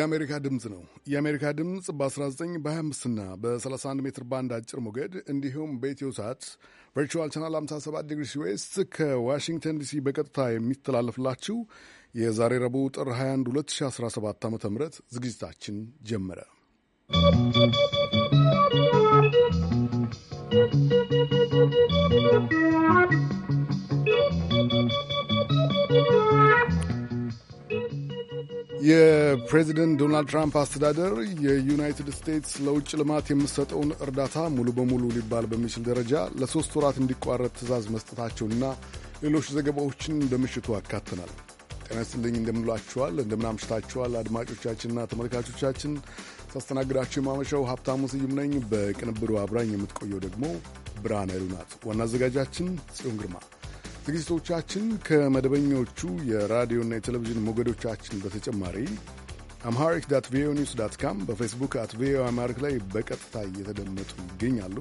የአሜሪካ ድምፅ ነው። የአሜሪካ ድምፅ በ19 በ25ና በ31 ሜትር ባንድ አጭር ሞገድ እንዲሁም በኢትዮ ሰዓት ቨርቹዋል ቻናል 57 ዲግሪ ሲዌስት ከዋሽንግተን ዲሲ በቀጥታ የሚተላለፍላችሁ የዛሬ ረቡዕ ጥር 21 2017 ዓ ም ዝግጅታችን ጀመረ። ¶¶ የፕሬዚደንት ዶናልድ ትራምፕ አስተዳደር የዩናይትድ ስቴትስ ለውጭ ልማት የምሰጠውን እርዳታ ሙሉ በሙሉ ሊባል በሚችል ደረጃ ለሶስት ወራት እንዲቋረጥ ትእዛዝ መስጠታቸውና ሌሎች ዘገባዎችን በምሽቱ አካተናል። ጤና ይስጥልኝ፣ እንደምንላችኋል፣ እንደምናምሽታችኋል አድማጮቻችንና ተመልካቾቻችን። ሳስተናግዳችሁ የማመሻው ሀብታሙ ስዩም ነኝ። በቅንብሩ አብራኝ የምትቆየው ደግሞ ብርሃን ኃይሉ ናት። ዋና አዘጋጃችን ጽዮን ግርማ ዝግጅቶቻችን ከመደበኞቹ የራዲዮና የቴሌቪዥን ሞገዶቻችን በተጨማሪ አምሃሪክ ዳት ቪኦኤ ኒውስ ዳት ካም በፌስቡክ አት ቪኦኤ አማሪክ ላይ በቀጥታ እየተደመጡ ይገኛሉ።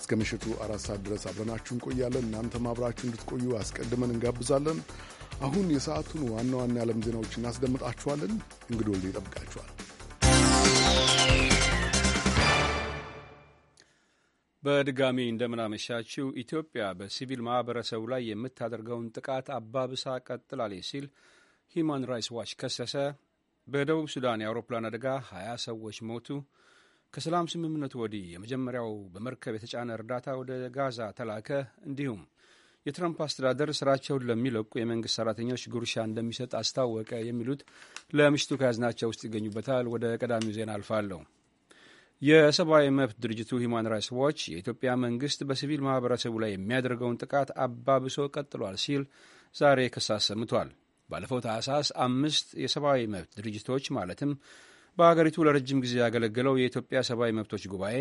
እስከ ምሽቱ አራት ሰዓት ድረስ አብረናችሁ እንቆያለን። እናንተም ማብራችሁ እንድትቆዩ አስቀድመን እንጋብዛለን። አሁን የሰዓቱን ዋና ዋና የዓለም ዜናዎች እናስደምጣችኋለን። እንግዶ ወልዴ ይጠብቃችኋል። በድጋሚ እንደምናመሻችው ኢትዮጵያ በሲቪል ማኅበረሰቡ ላይ የምታደርገውን ጥቃት አባብሳ ቀጥላለች ሲል ሂማን ራይትስ ዋች ከሰሰ። በደቡብ ሱዳን የአውሮፕላን አደጋ 20 ሰዎች ሞቱ። ከሰላም ስምምነቱ ወዲህ የመጀመሪያው በመርከብ የተጫነ እርዳታ ወደ ጋዛ ተላከ። እንዲሁም የትራምፕ አስተዳደር ስራቸውን ለሚለቁ የመንግስት ሰራተኞች ጉርሻ እንደሚሰጥ አስታወቀ። የሚሉት ለምሽቱ ከያዝናቸው ውስጥ ይገኙበታል። ወደ ቀዳሚው ዜና አልፋለሁ። የሰብአዊ መብት ድርጅቱ ሂማን ራይትስ ዋች የኢትዮጵያ መንግስት በሲቪል ማህበረሰቡ ላይ የሚያደርገውን ጥቃት አባብሶ ቀጥሏል ሲል ዛሬ ክስ አሰምቷል። ባለፈው ታህሳስ አምስት የሰብአዊ መብት ድርጅቶች ማለትም በአገሪቱ ለረጅም ጊዜ ያገለገለው የኢትዮጵያ ሰብአዊ መብቶች ጉባኤ፣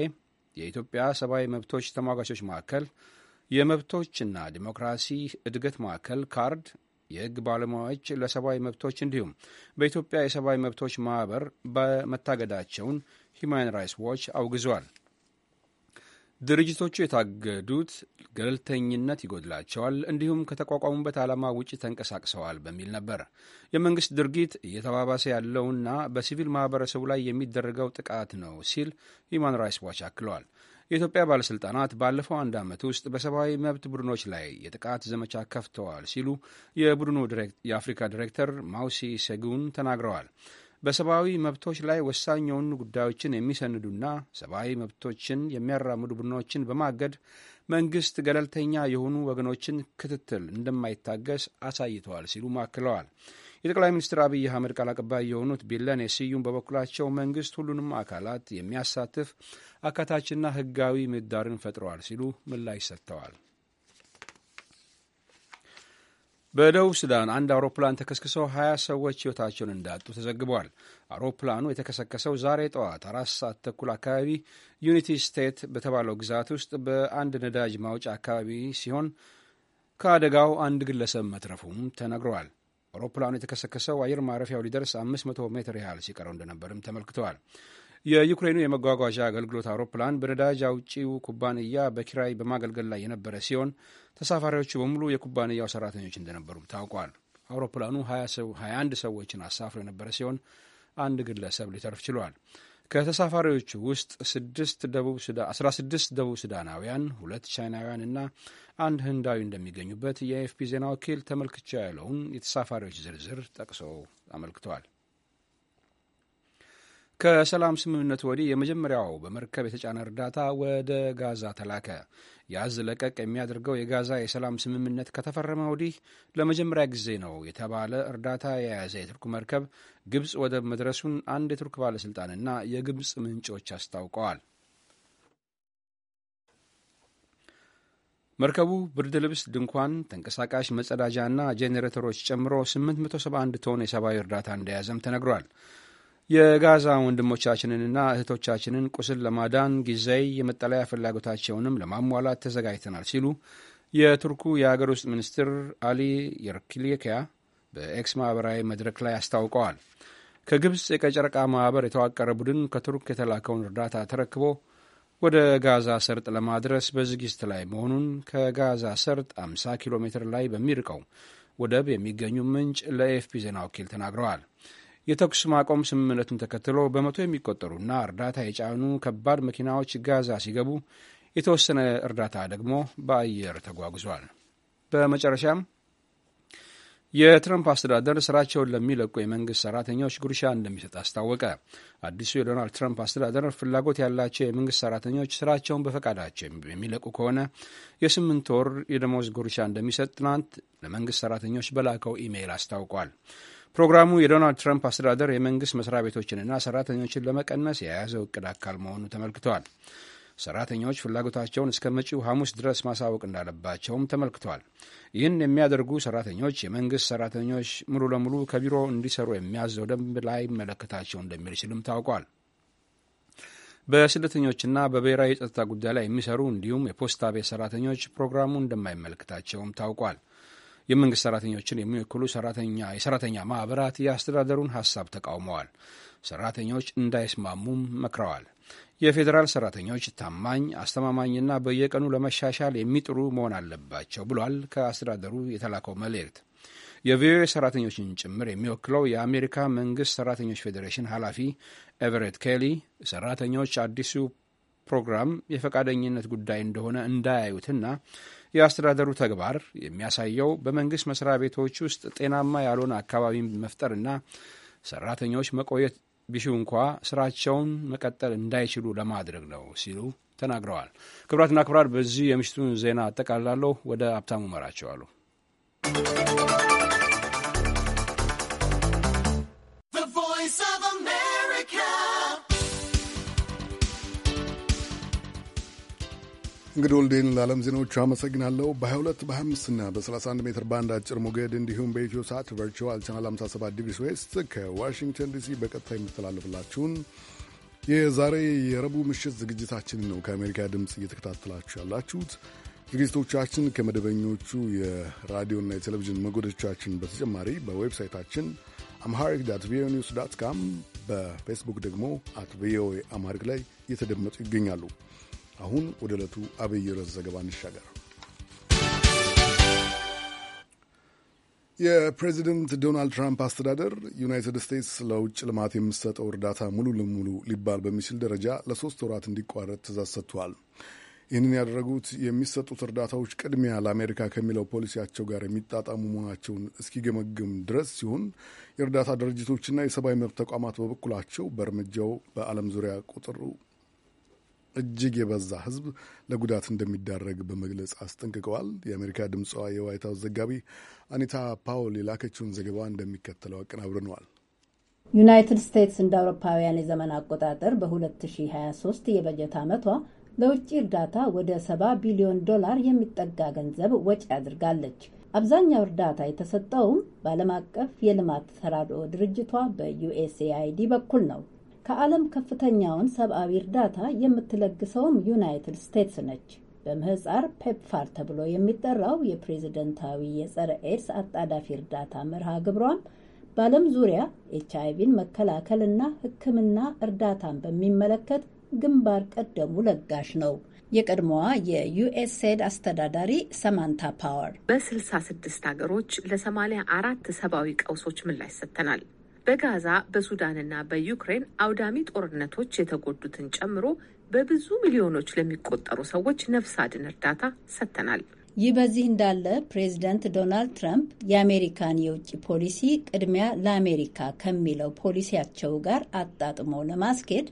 የኢትዮጵያ ሰብአዊ መብቶች ተሟጋቾች ማዕከል፣ የመብቶችና ዲሞክራሲ እድገት ማዕከል ካርድ፣ የህግ ባለሙያዎች ለሰብአዊ መብቶች እንዲሁም በኢትዮጵያ የሰብአዊ መብቶች ማህበር በመታገዳቸውን ሂማን ራይትስ ዋች አውግዟል። ድርጅቶቹ የታገዱት ገለልተኝነት ይጎድላቸዋል፣ እንዲሁም ከተቋቋሙበት ዓላማ ውጪ ተንቀሳቅሰዋል በሚል ነበር። የመንግሥት ድርጊት እየተባባሰ ያለውና በሲቪል ማኅበረሰቡ ላይ የሚደረገው ጥቃት ነው ሲል ሂማን ራይትስ ዋች አክለዋል። የኢትዮጵያ ባለሥልጣናት ባለፈው አንድ ዓመት ውስጥ በሰብአዊ መብት ቡድኖች ላይ የጥቃት ዘመቻ ከፍተዋል ሲሉ የቡድኑ የአፍሪካ ዲሬክተር ማውሲ ሴጉን ተናግረዋል። በሰብአዊ መብቶች ላይ ወሳኝ የሆኑ ጉዳዮችን የሚሰንዱና ሰብአዊ መብቶችን የሚያራምዱ ቡድኖችን በማገድ መንግስት ገለልተኛ የሆኑ ወገኖችን ክትትል እንደማይታገስ አሳይተዋል ሲሉ አክለዋል። የጠቅላይ ሚኒስትር አብይ አህመድ ቃል አቀባይ የሆኑት ቢለኔ ስዩም በበኩላቸው መንግስት ሁሉንም አካላት የሚያሳትፍ አካታችና ህጋዊ ምህዳርን ፈጥረዋል ሲሉ ምላሽ ሰጥተዋል። በደቡብ ሱዳን አንድ አውሮፕላን ተከስክሰው 20 ሰዎች ሕይወታቸውን እንዳጡ ተዘግበዋል። አውሮፕላኑ የተከሰከሰው ዛሬ ጠዋት አራት ሰዓት ተኩል አካባቢ ዩኒቲ ስቴት በተባለው ግዛት ውስጥ በአንድ ነዳጅ ማውጫ አካባቢ ሲሆን ከአደጋው አንድ ግለሰብ መትረፉም ተነግረዋል። አውሮፕላኑ የተከሰከሰው አየር ማረፊያው ሊደርስ 500 ሜትር ያህል ሲቀረው እንደነበርም ተመልክተዋል። የዩክሬኑ የመጓጓዣ አገልግሎት አውሮፕላን በነዳጅ አውጪው ኩባንያ በኪራይ በማገልገል ላይ የነበረ ሲሆን ተሳፋሪዎቹ በሙሉ የኩባንያው ሰራተኞች እንደነበሩም ታውቋል። አውሮፕላኑ 21 ሰዎችን አሳፍሮ የነበረ ሲሆን አንድ ግለሰብ ሊተርፍ ችሏል። ከተሳፋሪዎቹ ውስጥ 16 ደቡብ ሱዳናውያን፣ ሁለት ቻይናውያን እና አንድ ህንዳዊ እንደሚገኙበት የኤፍፒ ዜና ወኪል ተመልክቻ ያለውን የተሳፋሪዎች ዝርዝር ጠቅሶ አመልክተዋል። ከሰላም ስምምነቱ ወዲህ የመጀመሪያው በመርከብ የተጫነ እርዳታ ወደ ጋዛ ተላከ። የአዝ ለቀቅ የሚያደርገው የጋዛ የሰላም ስምምነት ከተፈረመ ወዲህ ለመጀመሪያ ጊዜ ነው የተባለ እርዳታ የያዘ የቱርክ መርከብ ግብፅ ወደብ መድረሱን አንድ የቱርክ ባለሥልጣንና የግብፅ ምንጮች አስታውቀዋል። መርከቡ ብርድ ልብስ፣ ድንኳን፣ ተንቀሳቃሽ መጸዳጃና ጄኔሬተሮች ጨምሮ 871 ቶን የሰብአዊ እርዳታ እንደያዘም ተነግሯል። የጋዛ ወንድሞቻችንንና እህቶቻችንን ቁስል ለማዳን ጊዜያዊ የመጠለያ ፍላጎታቸውንም ለማሟላት ተዘጋጅተናል ሲሉ የቱርኩ የአገር ውስጥ ሚኒስትር አሊ የርክሊኪያ በኤክስ ማኅበራዊ መድረክ ላይ አስታውቀዋል። ከግብፅ የቀይ ጨረቃ ማኅበር የተዋቀረ ቡድን ከቱርክ የተላከውን እርዳታ ተረክቦ ወደ ጋዛ ሰርጥ ለማድረስ በዝግጅት ላይ መሆኑን ከጋዛ ሰርጥ 50 ኪሎ ሜትር ላይ በሚርቀው ወደብ የሚገኙ ምንጭ ለኤፍፒ ዜና ወኪል ተናግረዋል። የተኩስ ማቆም ስምምነቱን ተከትሎ በመቶ የሚቆጠሩና እርዳታ የጫኑ ከባድ መኪናዎች ጋዛ ሲገቡ፣ የተወሰነ እርዳታ ደግሞ በአየር ተጓጉዟል። በመጨረሻም የትረምፕ አስተዳደር ስራቸውን ለሚለቁ የመንግስት ሰራተኞች ጉርሻ እንደሚሰጥ አስታወቀ። አዲሱ የዶናልድ ትረምፕ አስተዳደር ፍላጎት ያላቸው የመንግስት ሰራተኞች ስራቸውን በፈቃዳቸው የሚለቁ ከሆነ የስምንት ወር የደሞዝ ጉርሻ እንደሚሰጥ ትናንት ለመንግስት ሰራተኞች በላከው ኢሜይል አስታውቋል። ፕሮግራሙ የዶናልድ ትራምፕ አስተዳደር የመንግሥት መስሪያ ቤቶችንና ሰራተኞችን ለመቀነስ የያዘ እቅድ አካል መሆኑ ተመልክተዋል። ሰራተኞች ፍላጎታቸውን እስከ መጪው ሐሙስ ድረስ ማሳወቅ እንዳለባቸውም ተመልክተዋል። ይህን የሚያደርጉ ሰራተኞች የመንግሥት ሰራተኞች ሙሉ ለሙሉ ከቢሮ እንዲሰሩ የሚያዘው ደንብ ላይ መለከታቸው እንደሚል ሲልም ታውቋል። በስደተኞችና በብሔራዊ ጸጥታ ጉዳይ ላይ የሚሰሩ እንዲሁም የፖስታ ቤት ሰራተኞች ፕሮግራሙ እንደማይመለከታቸውም ታውቋል። የመንግስት ሰራተኞችን የሚወክሉ ሰራተኛ የሰራተኛ ማህበራት የአስተዳደሩን ሀሳብ ተቃውመዋል። ሰራተኞች እንዳይስማሙም መክረዋል። የፌዴራል ሰራተኞች ታማኝ፣ አስተማማኝና በየቀኑ ለመሻሻል የሚጥሩ መሆን አለባቸው ብሏል ከአስተዳደሩ የተላከው መልእክት። የቪኦኤ ሰራተኞችን ጭምር የሚወክለው የአሜሪካ መንግስት ሰራተኞች ፌዴሬሽን ኃላፊ ኤቨሬት ኬሊ ሰራተኞች አዲሱ ፕሮግራም የፈቃደኝነት ጉዳይ እንደሆነ እንዳያዩትና የአስተዳደሩ ተግባር የሚያሳየው በመንግሥት መስሪያ ቤቶች ውስጥ ጤናማ ያልሆነ አካባቢን መፍጠርና ሰራተኞች መቆየት ቢሹ እንኳ ስራቸውን መቀጠል እንዳይችሉ ለማድረግ ነው ሲሉ ተናግረዋል። ክብራትና ክብራት በዚህ የምሽቱን ዜና አጠቃላለሁ። ወደ ሀብታሙ መራቸዋሉ። እንግዲህ ወልዴን ለዓለም ዜናዎቹ አመሰግናለሁ። በ22 በ25 እና በ31 ሜትር ባንድ አጭር ሞገድ እንዲሁም በኢትዮ ሰዓት ቨርቹዋል ቻናል 57 ዲግሪ ዌስት ከዋሽንግተን ዲሲ በቀጥታ የሚተላለፍላችሁን የዛሬ የረቡዕ ምሽት ዝግጅታችንን ነው ከአሜሪካ ድምፅ እየተከታተላችሁ ያላችሁት። ዝግጅቶቻችን ከመደበኞቹ የራዲዮና የቴሌቪዥን መጎደቻችን በተጨማሪ በዌብሳይታችን አምሃሪክ ዳት ቪኦኤ ኒውስ ዳት ካም በፌስቡክ ደግሞ አት ቪኦኤ አማሪክ ላይ እየተደመጡ ይገኛሉ። አሁን ወደ ዕለቱ አብይ ርዕስ ዘገባ እንሻገር። የፕሬዚደንት ዶናልድ ትራምፕ አስተዳደር ዩናይትድ ስቴትስ ለውጭ ልማት የምትሰጠው እርዳታ ሙሉ ለሙሉ ሊባል በሚችል ደረጃ ለሶስት ወራት እንዲቋረጥ ትእዛዝ ሰጥቷል። ይህንን ያደረጉት የሚሰጡት እርዳታዎች ቅድሚያ ለአሜሪካ ከሚለው ፖሊሲያቸው ጋር የሚጣጣሙ መሆናቸውን እስኪገመግም ድረስ ሲሆን የእርዳታ ድርጅቶችና የሰብአዊ መብት ተቋማት በበኩላቸው በእርምጃው በዓለም ዙሪያ ቁጥሩ እጅግ የበዛ ህዝብ ለጉዳት እንደሚዳረግ በመግለጽ አስጠንቅቀዋል። የአሜሪካ ድምፅዋ የዋይት ሀውስ ዘጋቢ አኒታ ፓውል የላከችውን ዘገባ እንደሚከተለው አቀናብርነዋል። ዩናይትድ ስቴትስ እንደ አውሮፓውያን የዘመን አቆጣጠር በ2023 የበጀት ዓመቷ ለውጭ እርዳታ ወደ 70 ቢሊዮን ዶላር የሚጠጋ ገንዘብ ወጪ አድርጋለች። አብዛኛው እርዳታ የተሰጠውም በዓለም አቀፍ የልማት ተራድኦ ድርጅቷ በዩኤስኤአይዲ በኩል ነው። ከዓለም ከፍተኛውን ሰብአዊ እርዳታ የምትለግሰውም ዩናይትድ ስቴትስ ነች። በምህፃር ፔፕፋር ተብሎ የሚጠራው የፕሬዝደንታዊ የጸረ ኤድስ አጣዳፊ እርዳታ መርሃ ግብሯም በዓለም ዙሪያ ኤች አይቪን መከላከልና ሕክምና እርዳታን በሚመለከት ግንባር ቀደሙ ለጋሽ ነው። የቀድሞዋ የዩኤስኤድ አስተዳዳሪ ሰማንታ ፓወር በስልሳ ስድስት ሀገሮች ለሰማንያ አራት ሰብአዊ ቀውሶች ምላሽ ሰጥተናል። በጋዛ በሱዳንና በዩክሬን አውዳሚ ጦርነቶች የተጎዱትን ጨምሮ በብዙ ሚሊዮኖች ለሚቆጠሩ ሰዎች ነፍስ አድን እርዳታ ሰጥተናል። ይህ በዚህ እንዳለ ፕሬዚደንት ዶናልድ ትራምፕ የአሜሪካን የውጭ ፖሊሲ ቅድሚያ ለአሜሪካ ከሚለው ፖሊሲያቸው ጋር አጣጥሞ ለማስኬድ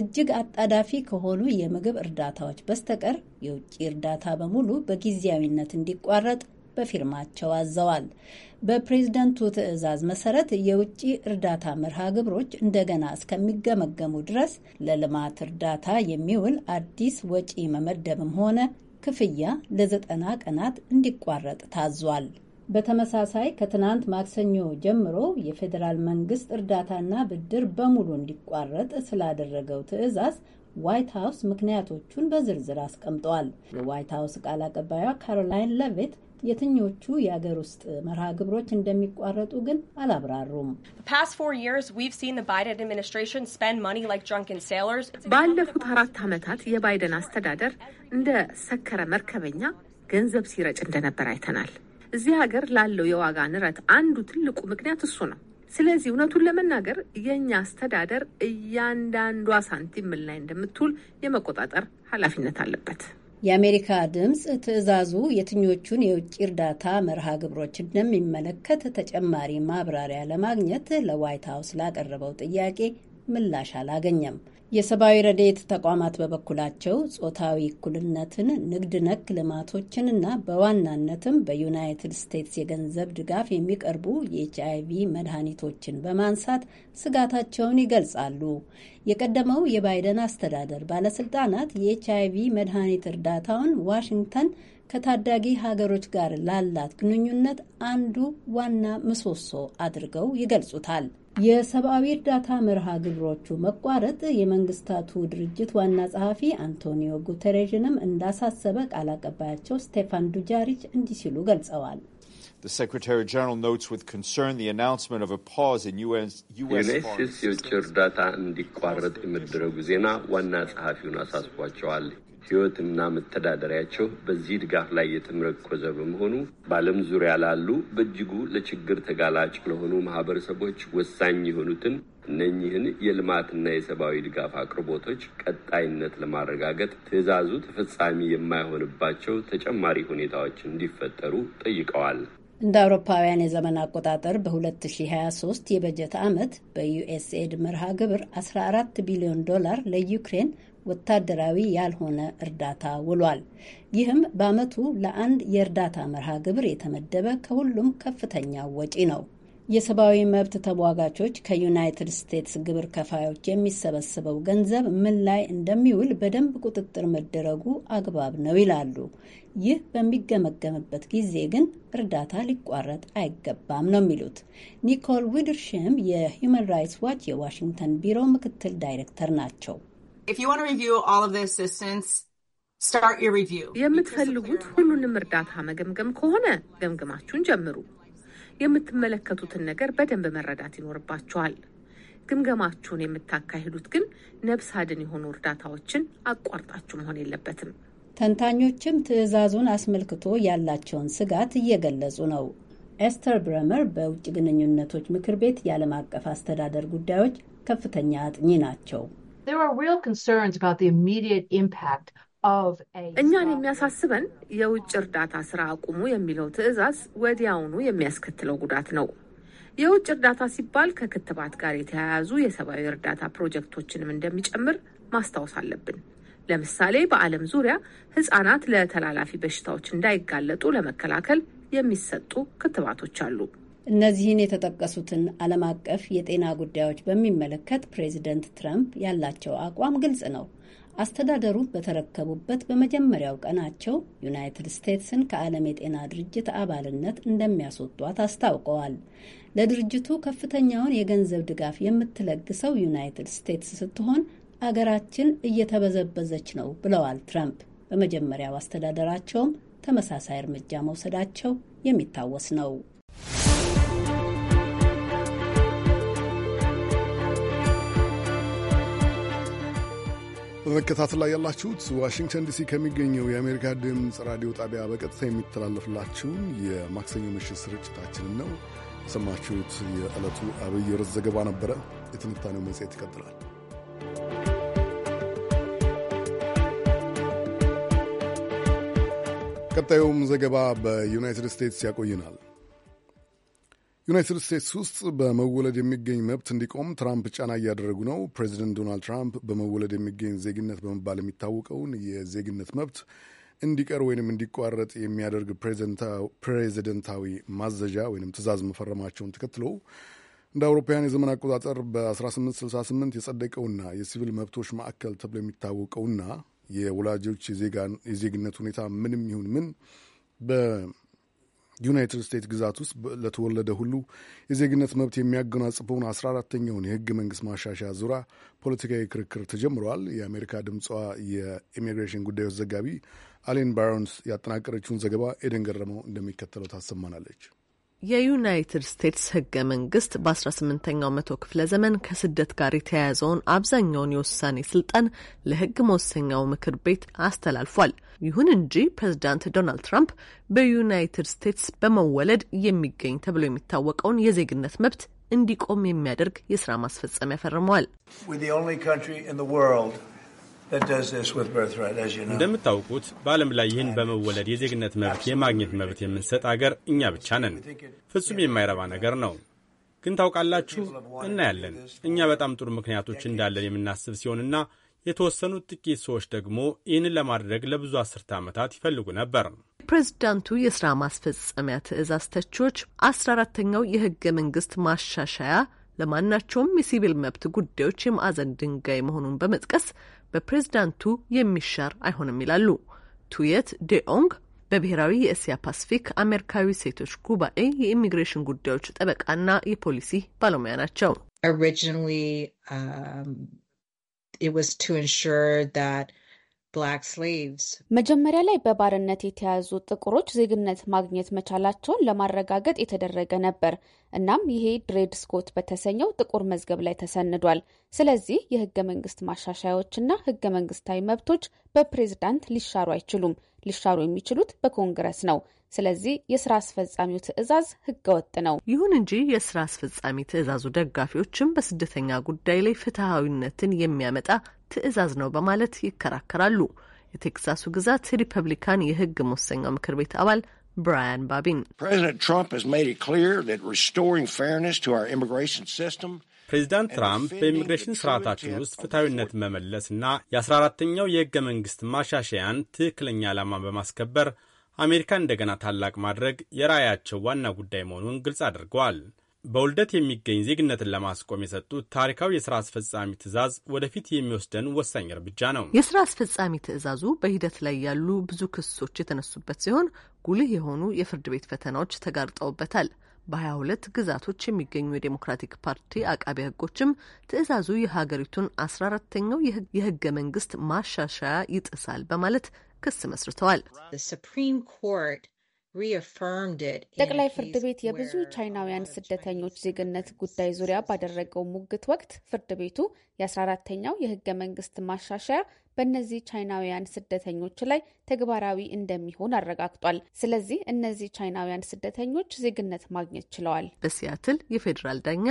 እጅግ አጣዳፊ ከሆኑ የምግብ እርዳታዎች በስተቀር የውጭ እርዳታ በሙሉ በጊዜያዊነት እንዲቋረጥ በፊርማቸው አዘዋል። በፕሬዝደንቱ ትዕዛዝ መሰረት የውጭ እርዳታ መርሃ ግብሮች እንደገና እስከሚገመገሙ ድረስ ለልማት እርዳታ የሚውል አዲስ ወጪ መመደብም ሆነ ክፍያ ለዘጠና ቀናት እንዲቋረጥ ታዟል። በተመሳሳይ ከትናንት ማክሰኞ ጀምሮ የፌዴራል መንግስት እርዳታና ብድር በሙሉ እንዲቋረጥ ስላደረገው ትዕዛዝ ዋይት ሀውስ ምክንያቶቹን በዝርዝር አስቀምጠዋል። የዋይት ሀውስ ቃል አቀባዩ ካሮላይን ለቪት የትኞቹ የአገር ውስጥ መርሃ ግብሮች እንደሚቋረጡ ግን አላብራሩም። ባለፉት አራት ዓመታት የባይደን አስተዳደር እንደ ሰከረ መርከበኛ ገንዘብ ሲረጭ እንደነበር አይተናል። እዚህ ሀገር ላለው የዋጋ ንረት አንዱ ትልቁ ምክንያት እሱ ነው። ስለዚህ እውነቱን ለመናገር የእኛ አስተዳደር እያንዳንዷ ሳንቲም ምን ላይ እንደምትውል የመቆጣጠር ኃላፊነት አለበት። የአሜሪካ ድምፅ ትዕዛዙ የትኞቹን የውጭ እርዳታ መርሃ ግብሮች እንደሚመለከት ተጨማሪ ማብራሪያ ለማግኘት ለዋይት ሀውስ ላቀረበው ጥያቄ ምላሽ አላገኘም። የሰብአዊ ረድኤት ተቋማት በበኩላቸው ጾታዊ እኩልነትን፣ ንግድ ነክ ልማቶችንና በዋናነትም በዩናይትድ ስቴትስ የገንዘብ ድጋፍ የሚቀርቡ የኤች አይቪ መድኃኒቶችን በማንሳት ስጋታቸውን ይገልጻሉ። የቀደመው የባይደን አስተዳደር ባለስልጣናት የኤች አይቪ መድኃኒት እርዳታውን ዋሽንግተን ከታዳጊ ሀገሮች ጋር ላላት ግንኙነት አንዱ ዋና ምሰሶ አድርገው ይገልጹታል። የሰብአዊ እርዳታ መርሃ ግብሮቹ መቋረጥ የመንግስታቱ ድርጅት ዋና ጸሐፊ አንቶኒዮ ጉተሬዥንም እንዳሳሰበ ቃል አቀባያቸው ስቴፋን ዱጃሪች እንዲህ ሲሉ ገልጸዋል። The Secretary General notes with concern the announcement of a pause in US U.S. ስቴትስ የውጭ እርዳታ እንዲቋረጥ የመደረጉ ዜና ዋና መተዳደሪያቸው በዚህ ድጋፍ ላይ የተመረኮዘ በመሆኑ በዓለም ዙሪያ ላሉ በእጅጉ ለችግር ተጋላጭ ለሆኑ ማህበረሰቦች ወሳኝ የሆኑትን እነኚህን የልማትና የሰብአዊ ድጋፍ አቅርቦቶች ቀጣይነት ለማረጋገጥ ትዕዛዙ ተፈጻሚ የማይሆንባቸው ተጨማሪ ሁኔታዎች እንዲፈጠሩ ጠይቀዋል። እንደ አውሮፓውያን የዘመን አቆጣጠር በ2023 የበጀት ዓመት በዩኤስኤድ መርሃ ግብር 14 ቢሊዮን ዶላር ለዩክሬን ወታደራዊ ያልሆነ እርዳታ ውሏል። ይህም በዓመቱ ለአንድ የእርዳታ መርሃ ግብር የተመደበ ከሁሉም ከፍተኛ ወጪ ነው። የሰብአዊ መብት ተሟጋቾች ከዩናይትድ ስቴትስ ግብር ከፋዮች የሚሰበሰበው ገንዘብ ምን ላይ እንደሚውል በደንብ ቁጥጥር መደረጉ አግባብ ነው ይላሉ። ይህ በሚገመገምበት ጊዜ ግን እርዳታ ሊቋረጥ አይገባም ነው የሚሉት ኒኮል ዊድርሽም የሂውማን ራይትስ ዋች የዋሽንግተን ቢሮ ምክትል ዳይሬክተር ናቸው። የምትፈልጉት ሁሉንም እርዳታ መገምገም ከሆነ ገምግማችሁን ጀምሩ። የምትመለከቱትን ነገር በደንብ መረዳት ይኖርባችኋል። ግምገማችሁን የምታካሂዱት ግን ነብስ አድን የሆኑ እርዳታዎችን አቋርጣችሁ መሆን የለበትም። ተንታኞችም ትዕዛዙን አስመልክቶ ያላቸውን ስጋት እየገለጹ ነው። ኤስተር ብረመር በውጭ ግንኙነቶች ምክር ቤት የዓለም አቀፍ አስተዳደር ጉዳዮች ከፍተኛ አጥኚ ናቸው። እኛን የሚያሳስበን የውጭ እርዳታ ስራ አቁሙ የሚለው ትዕዛዝ ወዲያውኑ የሚያስከትለው ጉዳት ነው። የውጭ እርዳታ ሲባል ከክትባት ጋር የተያያዙ የሰብአዊ እርዳታ ፕሮጀክቶችንም እንደሚጨምር ማስታወስ አለብን። ለምሳሌ በዓለም ዙሪያ ህጻናት ለተላላፊ በሽታዎች እንዳይጋለጡ ለመከላከል የሚሰጡ ክትባቶች አሉ። እነዚህን የተጠቀሱትን ዓለም አቀፍ የጤና ጉዳዮች በሚመለከት ፕሬዚደንት ትራምፕ ያላቸው አቋም ግልጽ ነው። አስተዳደሩ በተረከቡበት በመጀመሪያው ቀናቸው ዩናይትድ ስቴትስን ከዓለም የጤና ድርጅት አባልነት እንደሚያስወጧት አስታውቀዋል። ለድርጅቱ ከፍተኛውን የገንዘብ ድጋፍ የምትለግሰው ዩናይትድ ስቴትስ ስትሆን አገራችን እየተበዘበዘች ነው ብለዋል ትራምፕ። በመጀመሪያው አስተዳደራቸውም ተመሳሳይ እርምጃ መውሰዳቸው የሚታወስ ነው። በመከታተል ላይ ያላችሁት ዋሽንግተን ዲሲ ከሚገኘው የአሜሪካ ድምፅ ራዲዮ ጣቢያ በቀጥታ የሚተላለፍላችሁን የማክሰኞ ምሽት ስርጭታችንን ነው። የሰማችሁት የዕለቱ አብይ ርዕስ ዘገባ ነበረ። የትንታኔው መጽሔት ይቀጥላል። ቀጣዩም ዘገባ በዩናይትድ ስቴትስ ያቆየናል። ዩናይትድ ስቴትስ ውስጥ በመወለድ የሚገኝ መብት እንዲቆም ትራምፕ ጫና እያደረጉ ነው። ፕሬዚደንት ዶናልድ ትራምፕ በመወለድ የሚገኝ ዜግነት በመባል የሚታወቀውን የዜግነት መብት እንዲቀር ወይንም እንዲቋረጥ የሚያደርግ ፕሬዚደንታዊ ማዘዣ ወይንም ትዕዛዝ መፈረማቸውን ተከትሎ እንደ አውሮፓውያን የዘመን አቆጣጠር በ1868 የጸደቀውና የሲቪል መብቶች ማዕከል ተብሎ የሚታወቀውና የወላጆች የዜግነት ሁኔታ ምንም ይሁን ምን ዩናይትድ ስቴትስ ግዛት ውስጥ ለተወለደ ሁሉ የዜግነት መብት የሚያገናጽፈውን አስራ አራተኛውን የህገ መንግስት ማሻሻያ ዙሪያ ፖለቲካዊ ክርክር ተጀምረዋል። የአሜሪካ ድምጿ የኢሚግሬሽን ጉዳዮች ዘጋቢ አሌን ባሮንስ ያጠናቀረችውን ዘገባ ኤደን ገረመው እንደሚከተለው ታሰማናለች። የዩናይትድ ስቴትስ ህገ መንግስት በ18ኛው መቶ ክፍለ ዘመን ከስደት ጋር የተያያዘውን አብዛኛውን የውሳኔ ስልጣን ለህግ መወሰኛው ምክር ቤት አስተላልፏል። ይሁን እንጂ ፕሬዚዳንት ዶናልድ ትራምፕ በዩናይትድ ስቴትስ በመወለድ የሚገኝ ተብሎ የሚታወቀውን የዜግነት መብት እንዲቆም የሚያደርግ የስራ ማስፈጸሚያ ፈርመዋል። እንደምታውቁት በዓለም ላይ ይህን በመወለድ የዜግነት መብት የማግኘት መብት የምንሰጥ አገር እኛ ብቻ ነን። ፍጹም የማይረባ ነገር ነው። ግን ታውቃላችሁ፣ እናያለን እኛ በጣም ጥሩ ምክንያቶች እንዳለን የምናስብ ሲሆንና የተወሰኑት ጥቂት ሰዎች ደግሞ ይህንን ለማድረግ ለብዙ አስርተ ዓመታት ይፈልጉ ነበር። የፕሬዝዳንቱ የሥራ ማስፈጸሚያ ትእዛዝ ተቺዎች አስራ አራተኛው የሕገ መንግሥት ማሻሻያ ለማናቸውም የሲቪል መብት ጉዳዮች የማዕዘን ድንጋይ መሆኑን በመጥቀስ በፕሬዝዳንቱ የሚሻር አይሆንም ይላሉ። ቱየት ዴኦንግ በብሔራዊ የእስያ ፓስፊክ አሜሪካዊ ሴቶች ጉባኤ የኢሚግሬሽን ጉዳዮች ጠበቃና የፖሊሲ ባለሙያ ናቸው። መጀመሪያ ላይ በባርነት የተያዙ ጥቁሮች ዜግነት ማግኘት መቻላቸውን ለማረጋገጥ የተደረገ ነበር። እናም ይሄ ድሬድ ስኮት በተሰኘው ጥቁር መዝገብ ላይ ተሰንዷል። ስለዚህ የህገ መንግስት ማሻሻያዎችና ህገ መንግስታዊ መብቶች በፕሬዝዳንት ሊሻሩ አይችሉም። ሊሻሩ የሚችሉት በኮንግረስ ነው። ስለዚህ የስራ አስፈጻሚው ትዕዛዝ ህገወጥ ነው። ይሁን እንጂ የስራ አስፈጻሚ ትዕዛዙ ደጋፊዎችም በስደተኛ ጉዳይ ላይ ፍትሐዊነትን የሚያመጣ ትዕዛዝ ነው በማለት ይከራከራሉ። የቴክሳሱ ግዛት ሪፐብሊካን የህግ መወሰኛው ምክር ቤት አባል ብራያን ባቢን ፕሬዚዳንት ትራምፕ በኢሚግሬሽን ስርዓታችን ውስጥ ፍትሐዊነትን መመለስና የ14ተኛው የህገ መንግሥት ማሻሻያን ትክክለኛ ዓላማን በማስከበር አሜሪካን እንደገና ታላቅ ማድረግ የራዕያቸው ዋና ጉዳይ መሆኑን ግልጽ አድርገዋል። በውልደት የሚገኝ ዜግነትን ለማስቆም የሰጡት ታሪካዊ የስራ አስፈጻሚ ትዕዛዝ ወደፊት የሚወስደን ወሳኝ እርምጃ ነው። የስራ አስፈጻሚ ትዕዛዙ በሂደት ላይ ያሉ ብዙ ክሶች የተነሱበት ሲሆን ጉልህ የሆኑ የፍርድ ቤት ፈተናዎች ተጋርጠውበታል። በሀያ ሁለት ግዛቶች የሚገኙ የዴሞክራቲክ ፓርቲ አቃቢ ህጎችም ትዕዛዙ የሀገሪቱን አስራ አራተኛው የህገ መንግስት ማሻሻያ ይጥሳል በማለት ክስ መስርተዋል። ጠቅላይ ፍርድ ቤት የብዙ ቻይናውያን uh, ስደተኞች ዜግነት ጉዳይ ዙሪያ ባደረገው ሙግት ወቅት ፍርድ ቤቱ የ14ተኛው የህገ መንግስት ማሻሻያ በእነዚህ ቻይናውያን ስደተኞች ላይ ተግባራዊ እንደሚሆን አረጋግጧል። ስለዚህ እነዚህ ቻይናውያን ስደተኞች ዜግነት ማግኘት ችለዋል። በሲያትል የፌዴራል ዳኛ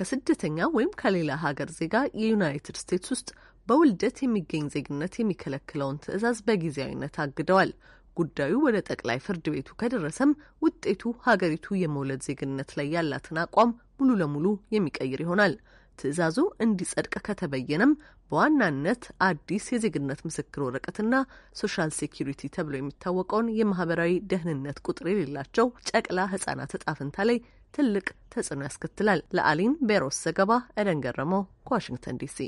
ከስደተኛ ወይም ከሌላ ሀገር ዜጋ የዩናይትድ ስቴትስ ውስጥ በውልደት የሚገኝ ዜግነት የሚከለክለውን ትዕዛዝ በጊዜያዊነት አግደዋል። ጉዳዩ ወደ ጠቅላይ ፍርድ ቤቱ ከደረሰም ውጤቱ ሀገሪቱ የመውለድ ዜግነት ላይ ያላትን አቋም ሙሉ ለሙሉ የሚቀይር ይሆናል። ትዕዛዙ እንዲጸድቅ ከተበየነም በዋናነት አዲስ የዜግነት ምስክር ወረቀትና ሶሻል ሴኪሪቲ ተብሎ የሚታወቀውን የማህበራዊ ደህንነት ቁጥር የሌላቸው ጨቅላ ህጻናት እጣ ፈንታ ላይ ትልቅ ተጽዕኖ ያስከትላል። ለአሊን ቤሮስ ዘገባ ኤደን ገረመው ከዋሽንግተን ዲሲ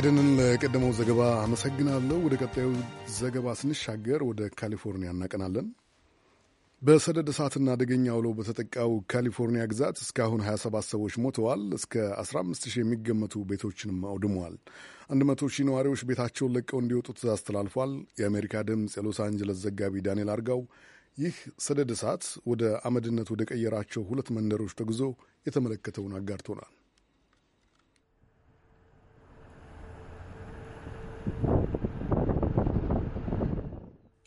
ኤደንን ለቀደመው ዘገባ አመሰግናለሁ። ወደ ቀጣዩ ዘገባ ስንሻገር ወደ ካሊፎርኒያ እናቀናለን። በሰደድ እሳትና አደገኛ አውሎ በተጠቃው ካሊፎርኒያ ግዛት እስካሁን 27 ሰዎች ሞተዋል። እስከ 15 የሚገመቱ ቤቶችንም አውድመዋል። 100 ሺህ ነዋሪዎች ቤታቸውን ለቀው እንዲወጡ ትእዛዝ ተላልፏል። የአሜሪካ ድምፅ የሎስ አንጀለስ ዘጋቢ ዳንኤል አርጋው ይህ ሰደድ እሳት ወደ አመድነት ወደ ቀየራቸው ሁለት መንደሮች ተጉዞ የተመለከተውን አጋርቶናል።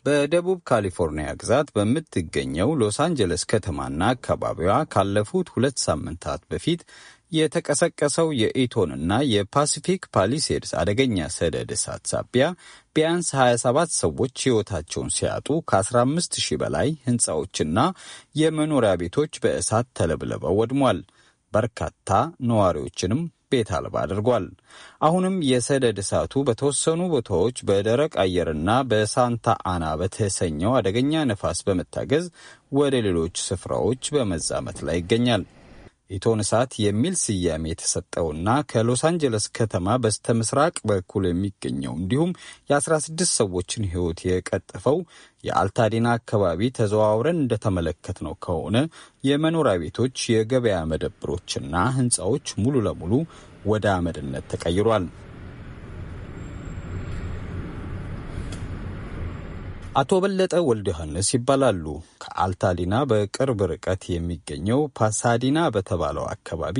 በደቡብ ካሊፎርኒያ ግዛት በምትገኘው ሎስ አንጀለስ ከተማና አካባቢዋ ካለፉት ሁለት ሳምንታት በፊት የተቀሰቀሰው የኢቶንና የፓሲፊክ ፓሊሴድስ አደገኛ ሰደድ እሳት ሳቢያ ቢያንስ 27 ሰዎች ሕይወታቸውን ሲያጡ ከ15 ሺህ በላይ ሕንፃዎችና የመኖሪያ ቤቶች በእሳት ተለብልበው ወድሟል። በርካታ ነዋሪዎችንም ቤት አልባ አድርጓል። አሁንም የሰደድ እሳቱ በተወሰኑ ቦታዎች በደረቅ አየርና በሳንታ አና በተሰኘው አደገኛ ነፋስ በመታገዝ ወደ ሌሎች ስፍራዎች በመዛመት ላይ ይገኛል። ኢቶን እሳት የሚል ስያሜ የተሰጠውና ከሎስ አንጀለስ ከተማ በስተ ምስራቅ በኩል የሚገኘው እንዲሁም የ16 ሰዎችን ሕይወት የቀጠፈው የአልታዲና አካባቢ ተዘዋውረን እንደተመለከት ነው ከሆነ የመኖሪያ ቤቶች፣ የገበያ መደብሮችና ሕንፃዎች ሙሉ ለሙሉ ወደ አመድነት ተቀይሯል። አቶ በለጠ ወልድ ዮሐንስ ይባላሉ። ከአልታዲና በቅርብ ርቀት የሚገኘው ፓሳዲና በተባለው አካባቢ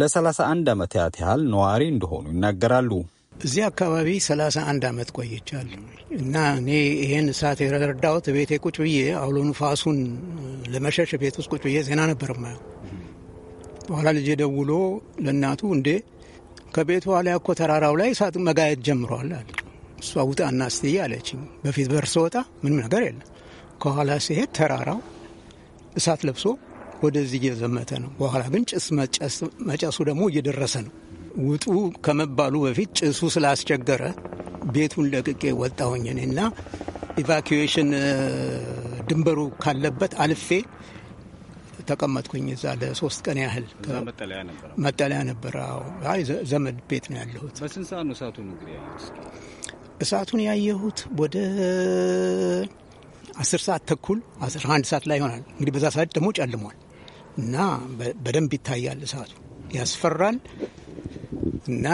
ለ31 ዓመታት ያህል ነዋሪ እንደሆኑ ይናገራሉ። እዚህ አካባቢ 31 ዓመት ቆይቻለሁ እና እኔ ይህን እሳት የረዳሁት ቤቴ ቁጭ ብዬ አውሎ ንፋሱን ለመሸሽ ቤት ውስጥ ቁጭ ብዬ ዜና ነበር ማየው። በኋላ ልጄ ደውሎ ለእናቱ እንዴ ከቤቱ ኋላ እኮ ተራራው ላይ እሳት መጋየት ጀምሯል አለ እሷ ውጣ እናስትዬ አለችኝ። በፊት በር ስወጣ ምንም ነገር የለም። ከኋላ ሲሄድ ተራራው እሳት ለብሶ ወደዚህ እየዘመተ ነው። በኋላ ግን ጭስ መጨሱ ደግሞ እየደረሰ ነው። ውጡ ከመባሉ በፊት ጭሱ ስላስቸገረ ቤቱን ለቅቄ ወጣሁኝ እና ኢቫኪዌሽን ድንበሩ ካለበት አልፌ ተቀመጥኩኝ። እዛ ለሶስት ቀን ያህል መጠለያ ነበረ። ዘመድ ቤት ነው ያለሁት። በስንት ሰዓት ነው እሳቱን እንግዲህ እሳቱን ያየሁት ወደ አስር ሰዓት ተኩል አስራ አንድ ሰዓት ላይ ይሆናል። እንግዲህ በዛ ሰዓት ደግሞ ጨልሟል እና በደንብ ይታያል እሳቱ ያስፈራል። እና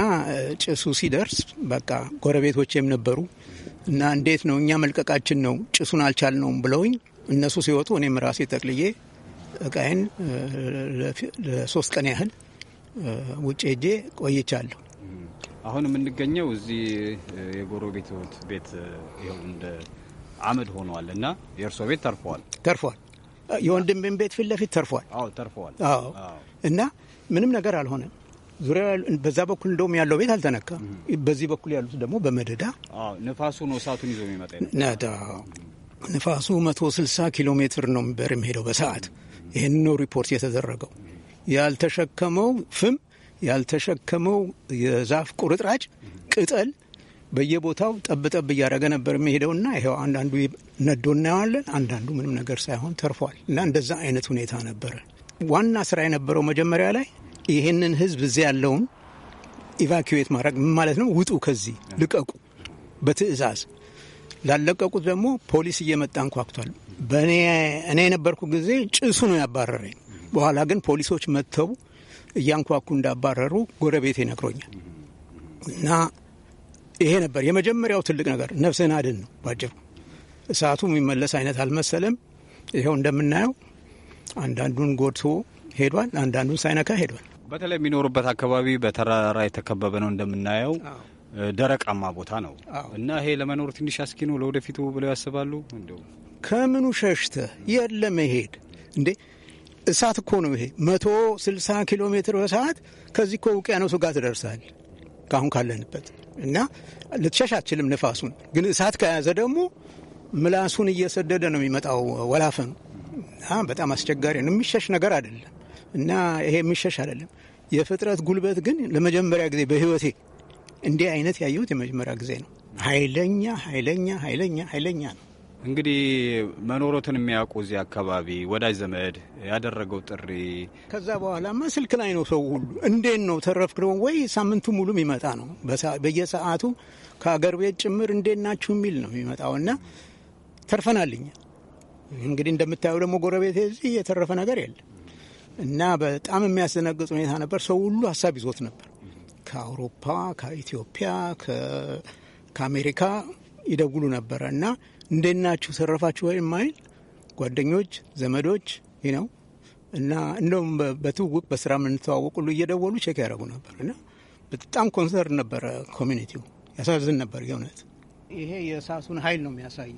ጭሱ ሲደርስ በቃ ጎረቤቶቼም ነበሩ እና እንዴት ነው እኛ መልቀቃችን ነው ጭሱን አልቻልነውም ብለውኝ እነሱ ሲወጡ እኔም ራሴ ጠቅልዬ እቃዬን ለሶስት ቀን ያህል ውጭ ሄጄ ቆይቻለሁ። አሁን የምንገኘው እዚህ የጎረቤት ቤት ይኸው እንደ አመድ ሆኗል እና የእርሶ ቤት ተርፏል ተርፏል። የወንድምን ቤት ፊት ለፊት ተርፏል። አዎ ተርፏል። አዎ እና ምንም ነገር አልሆነም። ዙሪያ በዛ በኩል እንደውም ያለው ቤት አልተነካም። በዚህ በኩል ያሉት ደግሞ በመደዳ ንፋሱ ነው እሳቱን ይዞ የሚመጣ ነዳ ንፋሱ 160 ኪሎ ሜትር ነው በር የሚሄደው በሰዓት ይህን ነው ሪፖርት የተደረገው። ያልተሸከመው ፍም ያልተሸከመው የዛፍ ቁርጥራጭ ቅጠል በየቦታው ጠብ ጠብ እያደረገ ነበር የሚሄደውና ይኸው አንዳንዱ ነዶ እናየዋለን፣ አንዳንዱ ምንም ነገር ሳይሆን ተርፏል። እና እንደዛ አይነት ሁኔታ ነበረ። ዋና ስራ የነበረው መጀመሪያ ላይ ይህንን ህዝብ እዚያ ያለውን ኢቫኪዌት ማድረግ ማለት ነው። ውጡ፣ ከዚህ ልቀቁ፣ በትዕዛዝ ላለቀቁት ደግሞ ፖሊስ እየመጣ እንኳክቷል። በእኔ የነበርኩ ጊዜ ጭሱ ነው ያባረረኝ። በኋላ ግን ፖሊሶች መጥተው እያንኳኩ እንዳባረሩ ጎረቤት ይነግሮኛል። እና ይሄ ነበር የመጀመሪያው ትልቅ ነገር፣ ነፍስህን አድን ነው ባጭሩ። እሳቱ የሚመለስ አይነት አልመሰለም። ይኸው እንደምናየው አንዳንዱን ጎድቶ ሄዷል፣ አንዳንዱን ሳይነካ ሄዷል። በተለይ የሚኖሩበት አካባቢ በተራራ የተከበበ ነው እንደምናየው ደረቃማ ቦታ ነው እና ይሄ ለመኖር ትንሽ አስጊ ነው ለወደፊቱ ብለው ያስባሉ። እንደው ከምኑ ሸሽተ የለ መሄድ እንዴ እሳት እኮ ነው ይሄ። መቶ ስልሳ ኪሎ ሜትር በሰዓት ከዚህ እኮ ውቅያኖሱ ጋር ትደርሳል ከአሁን ካለንበት እና ልትሸሽ አትችልም ነፋሱን። ግን እሳት ከያዘ ደግሞ ምላሱን እየሰደደ ነው የሚመጣው ወላፈኑ በጣም አስቸጋሪ ነው። የሚሸሽ ነገር አይደለም እና ይሄ የሚሸሽ አይደለም። የፍጥረት ጉልበት ግን ለመጀመሪያ ጊዜ በህይወቴ እንዲህ አይነት ያየሁት የመጀመሪያ ጊዜ ነው። ኃይለኛ ኃይለኛ ኃይለኛ ኃይለኛ ነው። እንግዲህ መኖሮትን የሚያውቁ እዚህ አካባቢ ወዳጅ ዘመድ ያደረገው ጥሪ። ከዛ በኋላማ ስልክ ላይ ነው ሰው ሁሉ። እንዴት ነው ተረፍክ ነው ወይ? ሳምንቱ ሙሉ የሚመጣ ነው በየሰዓቱ ከአገር ቤት ጭምር እንዴት ናችሁ የሚል ነው እና ተርፈናልኛ። እንግዲህ እንደምታየው ደግሞ ጎረቤት እዚህ የተረፈ ነገር የለም እና በጣም የሚያስደነግጥ ሁኔታ ነበር። ሰው ሁሉ ሀሳብ ይዞት ነበር። ከአውሮፓ፣ ከኢትዮጵያ፣ ከአሜሪካ ይደውሉ ነበረ እና እንዴት ናችሁ ተረፋችሁ ወይም ማይል ጓደኞች፣ ዘመዶች ነው እና እንደውም በትውውቅ በስራ የምንተዋወቁ ሁሉ እየደወሉ ቼክ ያደረጉ ነበር እና በጣም ኮንሰርን ነበረ ኮሚኒቲው። ያሳዝን ነበር የእውነት። ይሄ የእሳቱን ኃይል ነው የሚያሳየ።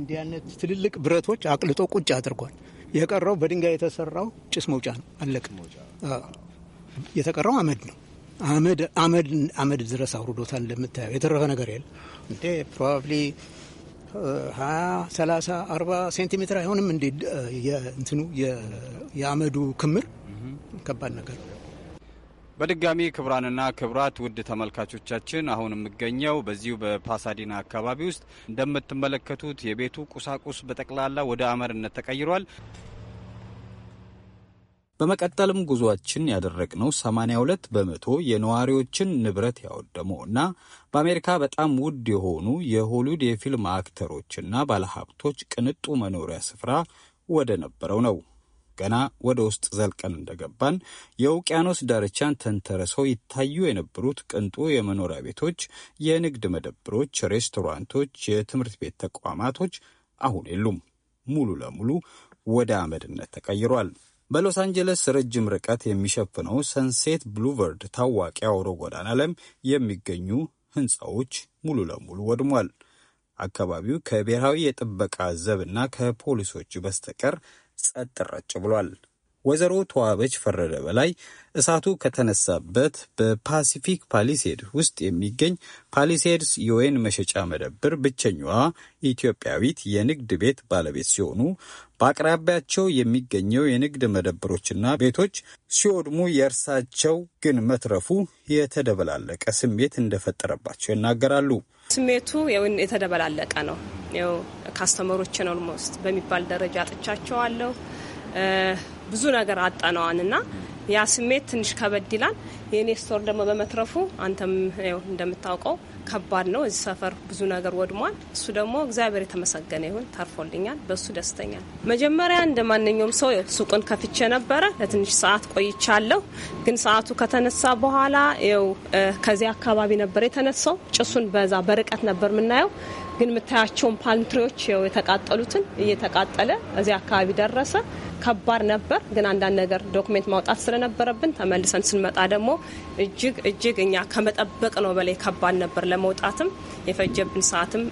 እንዲህ አይነት ትልልቅ ብረቶች አቅልጦ ቁጭ አድርጓል። የቀረው በድንጋይ የተሰራው ጭስ መውጫ ነው፣ አለቅ የተቀረው አመድ ነው። አመድ አመድ ድረስ አውርዶታል። እንደምታየው የተረፈ ነገር የለ ፕሮባብሊ ሀያ ሰላሳ አርባ ሴንቲሜትር አይሆንም እንዴ እንትኑ የአመዱ ክምር ከባድ ነገር በድጋሚ ክብራንና ክብራት ውድ ተመልካቾቻችን አሁን የምገኘው በዚሁ በፓሳዲና አካባቢ ውስጥ እንደምትመለከቱት የቤቱ ቁሳቁስ በጠቅላላ ወደ አመርነት ተቀይሯል በመቀጠልም ጉዟችን ያደረግነው 82 በመቶ የነዋሪዎችን ንብረት ያወደመው እና በአሜሪካ በጣም ውድ የሆኑ የሆሊውድ የፊልም አክተሮችና ባለሀብቶች ቅንጡ መኖሪያ ስፍራ ወደ ነበረው ነው። ገና ወደ ውስጥ ዘልቀን እንደገባን የውቅያኖስ ዳርቻን ተንተርሰው ይታዩ የነበሩት ቅንጡ የመኖሪያ ቤቶች፣ የንግድ መደብሮች፣ ሬስቶራንቶች፣ የትምህርት ቤት ተቋማቶች አሁን የሉም። ሙሉ ለሙሉ ወደ አመድነት ተቀይሯል። በሎስ አንጀለስ ረጅም ርቀት የሚሸፍነው ሰንሴት ብሉቨርድ ታዋቂ አውሮ ጎዳና ለም የሚገኙ ህንፃዎች ሙሉ ለሙሉ ወድሟል። አካባቢው ከብሔራዊ የጥበቃ ዘብና ከፖሊሶች በስተቀር ጸጥ ረጭ ብሏል። ወይዘሮ ተዋበች ፈረደ በላይ እሳቱ ከተነሳበት በፓሲፊክ ፓሊሴድ ውስጥ የሚገኝ ፓሊሴድስ የወይን መሸጫ መደብር ብቸኛዋ ኢትዮጵያዊት የንግድ ቤት ባለቤት ሲሆኑ በአቅራቢያቸው የሚገኘው የንግድ መደብሮችና ቤቶች ሲወድሙ የእርሳቸው ግን መትረፉ የተደበላለቀ ስሜት እንደፈጠረባቸው ይናገራሉ። ስሜቱ የተደበላለቀ ነው። ካስተመሮችን ኦልሞስት በሚባል ደረጃ አጥቻቸዋለሁ። ብዙ ነገር አጠነዋን እና ያ ስሜት ትንሽ ከበድ ይላል። የእኔ ስቶር ደግሞ በመትረፉ አንተም እንደምታውቀው ከባድ ነው። እዚህ ሰፈር ብዙ ነገር ወድሟል። እሱ ደግሞ እግዚአብሔር የተመሰገነ ይሁን ተርፎልኛል። በእሱ ደስተኛል። መጀመሪያ እንደ ማንኛውም ሰው ሱቁን ከፍቼ ነበረ። ለትንሽ ሰዓት ቆይቻለሁ። ግን ሰዓቱ ከተነሳ በኋላ ው ከዚያ አካባቢ ነበር የተነሳው። ጭሱን በዛ በርቀት ነበር የምናየው ግን የምታያቸውን ፓልምትሪዎች የተቃጠሉትን እየተቃጠለ እዚህ አካባቢ ደረሰ። ከባድ ነበር። ግን አንዳንድ ነገር ዶክሜንት ማውጣት ስለነበረብን ተመልሰን ስንመጣ ደግሞ እጅግ እጅግ እኛ ከመጠበቅ ነው በላይ ከባድ ነበር። ለመውጣትም የፈጀብን ሰዓትም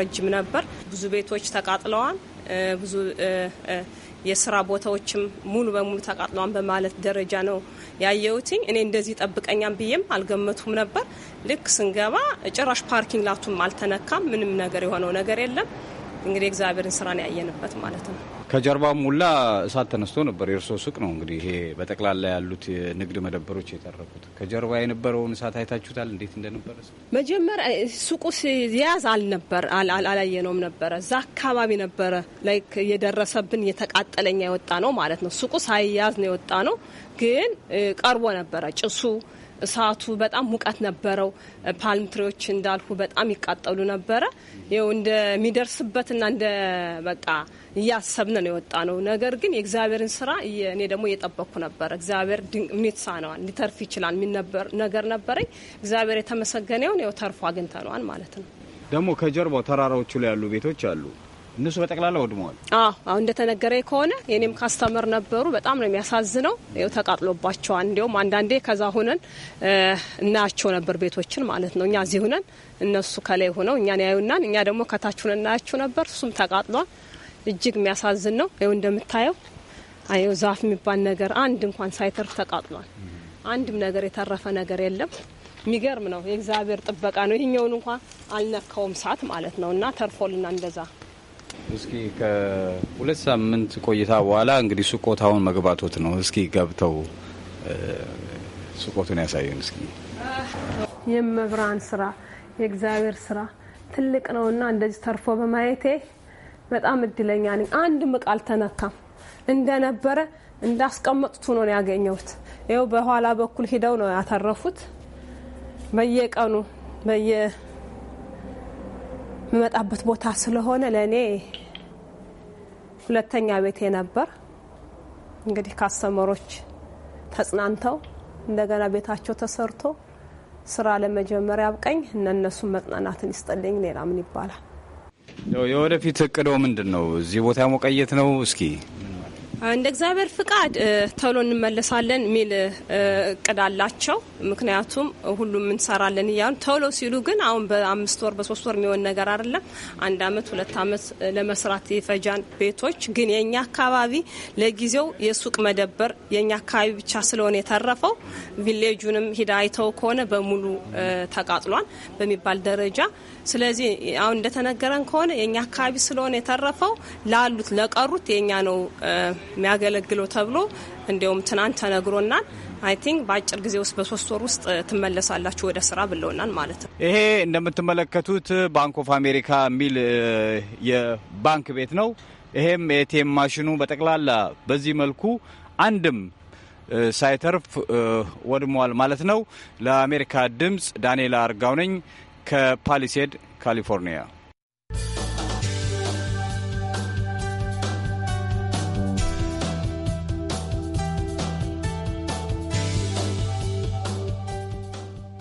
ረጅም ነበር። ብዙ ቤቶች ተቃጥለዋል። ብዙ የስራ ቦታዎችም ሙሉ በሙሉ ተቃጥለዋን በማለት ደረጃ ነው ያየሁትኝ። እኔ እንደዚህ ጠብቀኛም ብዬም አልገመቱም ነበር። ልክ ስንገባ ጭራሽ ፓርኪንግ ላቱም አልተነካም። ምንም ነገር የሆነው ነገር የለም። እንግዲህ እግዚአብሔርን ነው ያየንበት ማለት ነው። ከጀርባም ሁላ እሳት ተነስቶ ነበር። የእርሶ ሱቅ ነው እንግዲህ ይሄ በጠቅላላ ያሉት ንግድ መደብሮች የተረፉት። ከጀርባ የነበረውን እሳት አይታችሁታል? እንዴት እንደነበረ መጀመሪያ ሱቁ ሲያዝ አልነበር አላየነውም ነበረ። እዛ አካባቢ ነበረ ላይክ የደረሰብን የተቃጠለኛ የወጣ ነው ማለት ነው። ሱቁ ሳይያዝ ነው የወጣ ነው፣ ግን ቀርቦ ነበረ ጭሱ እሳቱ በጣም ሙቀት ነበረው። ፓልም ትሪዎች እንዳልኩ በጣም ይቃጠሉ ነበረ። ይኸው እንደሚደርስበትና እንደ በቃ እያሰብን ነው የወጣ ነው። ነገር ግን የእግዚአብሔርን ስራ እኔ ደግሞ እየጠበቅኩ ነበረ። እግዚአብሔር እንዴት ሳነዋል ሊተርፍ ይችላል የሚነበር ነገር ነበረኝ። እግዚአብሔር የተመሰገነውን ይኸው ተርፎ አግኝተነዋል ማለት ነው። ደግሞ ከጀርባው ተራራዎቹ ላይ ያሉ ቤቶች አሉ። እነሱ በጠቅላላ ወድመዋል። አሁ እንደተነገረ ከሆነ የኔም ካስተመር ነበሩ። በጣም ነው የሚያሳዝነው። ይኸው ተቃጥሎባቸዋል። እንዲሁም አንዳንዴ ከዛ ሁነን እናያቸው ነበር ቤቶችን ማለት ነው። እኛ እዚህ ሁነን እነሱ ከላይ ሆነው እኛን ያዩናን፣ እኛ ደግሞ ከታች ሁነን እናያቸው ነበር። እሱም ተቃጥሏል። እጅግ የሚያሳዝን ነው። ይኸው እንደምታየው አየው ዛፍ የሚባል ነገር አንድ እንኳን ሳይተርፍ ተቃጥሏል። አንድም ነገር የተረፈ ነገር የለም። የሚገርም ነው። የእግዚአብሔር ጥበቃ ነው። ይህኛውን እንኳ አልነካውም ሰዓት ማለት ነው እና ተርፎልና እንደዛ እስኪ ከሁለት ሳምንት ቆይታ በኋላ እንግዲህ ሱቆታውን መግባቶት ነው። እስኪ ገብተው ሱቆቱን ያሳየን እስኪ። የመብራን ስራ የእግዚአብሔር ስራ ትልቅ ነው እና እንደዚህ ተርፎ በማየቴ በጣም እድለኛ ነኝ። አንድ ምቃ አልተነካም። እንደነበረ እንዳስቀመጡት ሆኖ ነው ያገኘሁት። ይኸው በኋላ በኩል ሂደው ነው ያተረፉት። በየቀኑ በየ የምመጣበት ቦታ ስለሆነ ለእኔ ሁለተኛ ቤቴ ነበር። እንግዲህ ካስተመሮች ተጽናንተው እንደገና ቤታቸው ተሰርቶ ስራ ለመጀመር ያብቀኝ እነነሱን መጽናናትን ይስጠልኝ። ሌላ ምን ይባላል? የወደፊት እቅዶ ምንድን ነው? እዚህ ቦታ መቀየት ነው? እስኪ እንደ እግዚአብሔር ፍቃድ ቶሎ እንመለሳለን የሚል እቅድ አላቸው። ምክንያቱም ሁሉም እንሰራለን እያሉ ቶሎ ሲሉ ግን አሁን በአምስት ወር በሶስት ወር የሚሆን ነገር አይደለም። አንድ አመት ሁለት አመት ለመስራት የፈጃን ቤቶች ግን የእኛ አካባቢ ለጊዜው የሱቅ መደበር የእኛ አካባቢ ብቻ ስለሆነ የተረፈው ቪሌጁንም ሂዳ አይተው ከሆነ በሙሉ ተቃጥሏል በሚባል ደረጃ ስለዚህ አሁን እንደተነገረን ከሆነ የእኛ አካባቢ ስለሆነ የተረፈው ላሉት ለቀሩት የእኛ ነው። የሚያገለግለው ተብሎ እንዲሁም ትናንት ተነግሮናል። አይ ቲንክ በአጭር ጊዜ ውስጥ በሶስት ወር ውስጥ ትመለሳላችሁ ወደ ስራ ብለውናል ማለት ነው። ይሄ እንደምትመለከቱት ባንክ ኦፍ አሜሪካ የሚል የባንክ ቤት ነው። ይሄም ኤቲኤም ማሽኑ በጠቅላላ በዚህ መልኩ አንድም ሳይተርፍ ወድሟል ማለት ነው። ለአሜሪካ ድምፅ ዳንኤል አርጋው ነኝ ከፓሊሴድ ካሊፎርኒያ።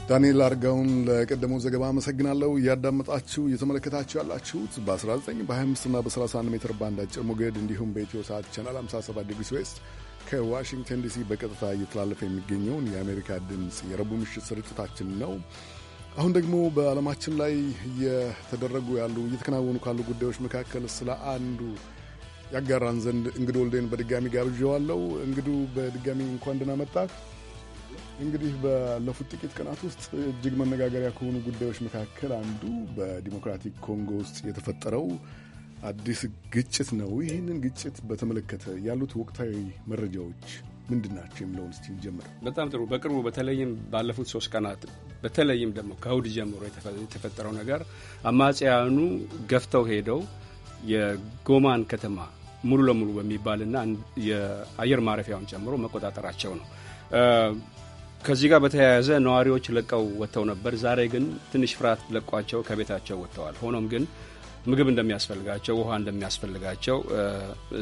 ዳንኤል አርጋውን ለቀደመው ዘገባ አመሰግናለሁ። እያዳመጣችሁ እየተመለከታችሁ ያላችሁት በ19 በ25ና በ31 ሜትር ባንድ አጭር ሞገድ እንዲሁም በኢትዮ ሰዓት ቻናል 57 ዲግሪ ስዌስት ከዋሽንግተን ዲሲ በቀጥታ እየተላለፈ የሚገኘውን የአሜሪካ ድምፅ የረቡዕ ምሽት ስርጭታችን ነው። አሁን ደግሞ በዓለማችን ላይ እየተደረጉ ያሉ እየተከናወኑ ካሉ ጉዳዮች መካከል ስለ አንዱ ያጋራን ዘንድ እንግዶ ወልዴን በድጋሚ ጋብዣዋለሁ። እንግዱ በድጋሚ እንኳን ደህና መጣህ። እንግዲህ ባለፉት ጥቂት ቀናት ውስጥ እጅግ መነጋገሪያ ከሆኑ ጉዳዮች መካከል አንዱ በዲሞክራቲክ ኮንጎ ውስጥ የተፈጠረው አዲስ ግጭት ነው። ይህንን ግጭት በተመለከተ ያሉት ወቅታዊ መረጃዎች ምንድን ናቸው የሚለውን እስቲ ጀምር። በጣም ጥሩ። በቅርቡ በተለይም ባለፉት ሶስት ቀናት በተለይም ደግሞ ከእሁድ ጀምሮ የተፈጠረው ነገር አማጽያኑ ገፍተው ሄደው የጎማን ከተማ ሙሉ ለሙሉ በሚባልና የአየር ማረፊያውን ጨምሮ መቆጣጠራቸው ነው። ከዚህ ጋር በተያያዘ ነዋሪዎች ለቀው ወጥተው ነበር። ዛሬ ግን ትንሽ ፍርሃት ለቋቸው ከቤታቸው ወጥተዋል። ሆኖም ግን ምግብ እንደሚያስፈልጋቸው፣ ውሃ እንደሚያስፈልጋቸው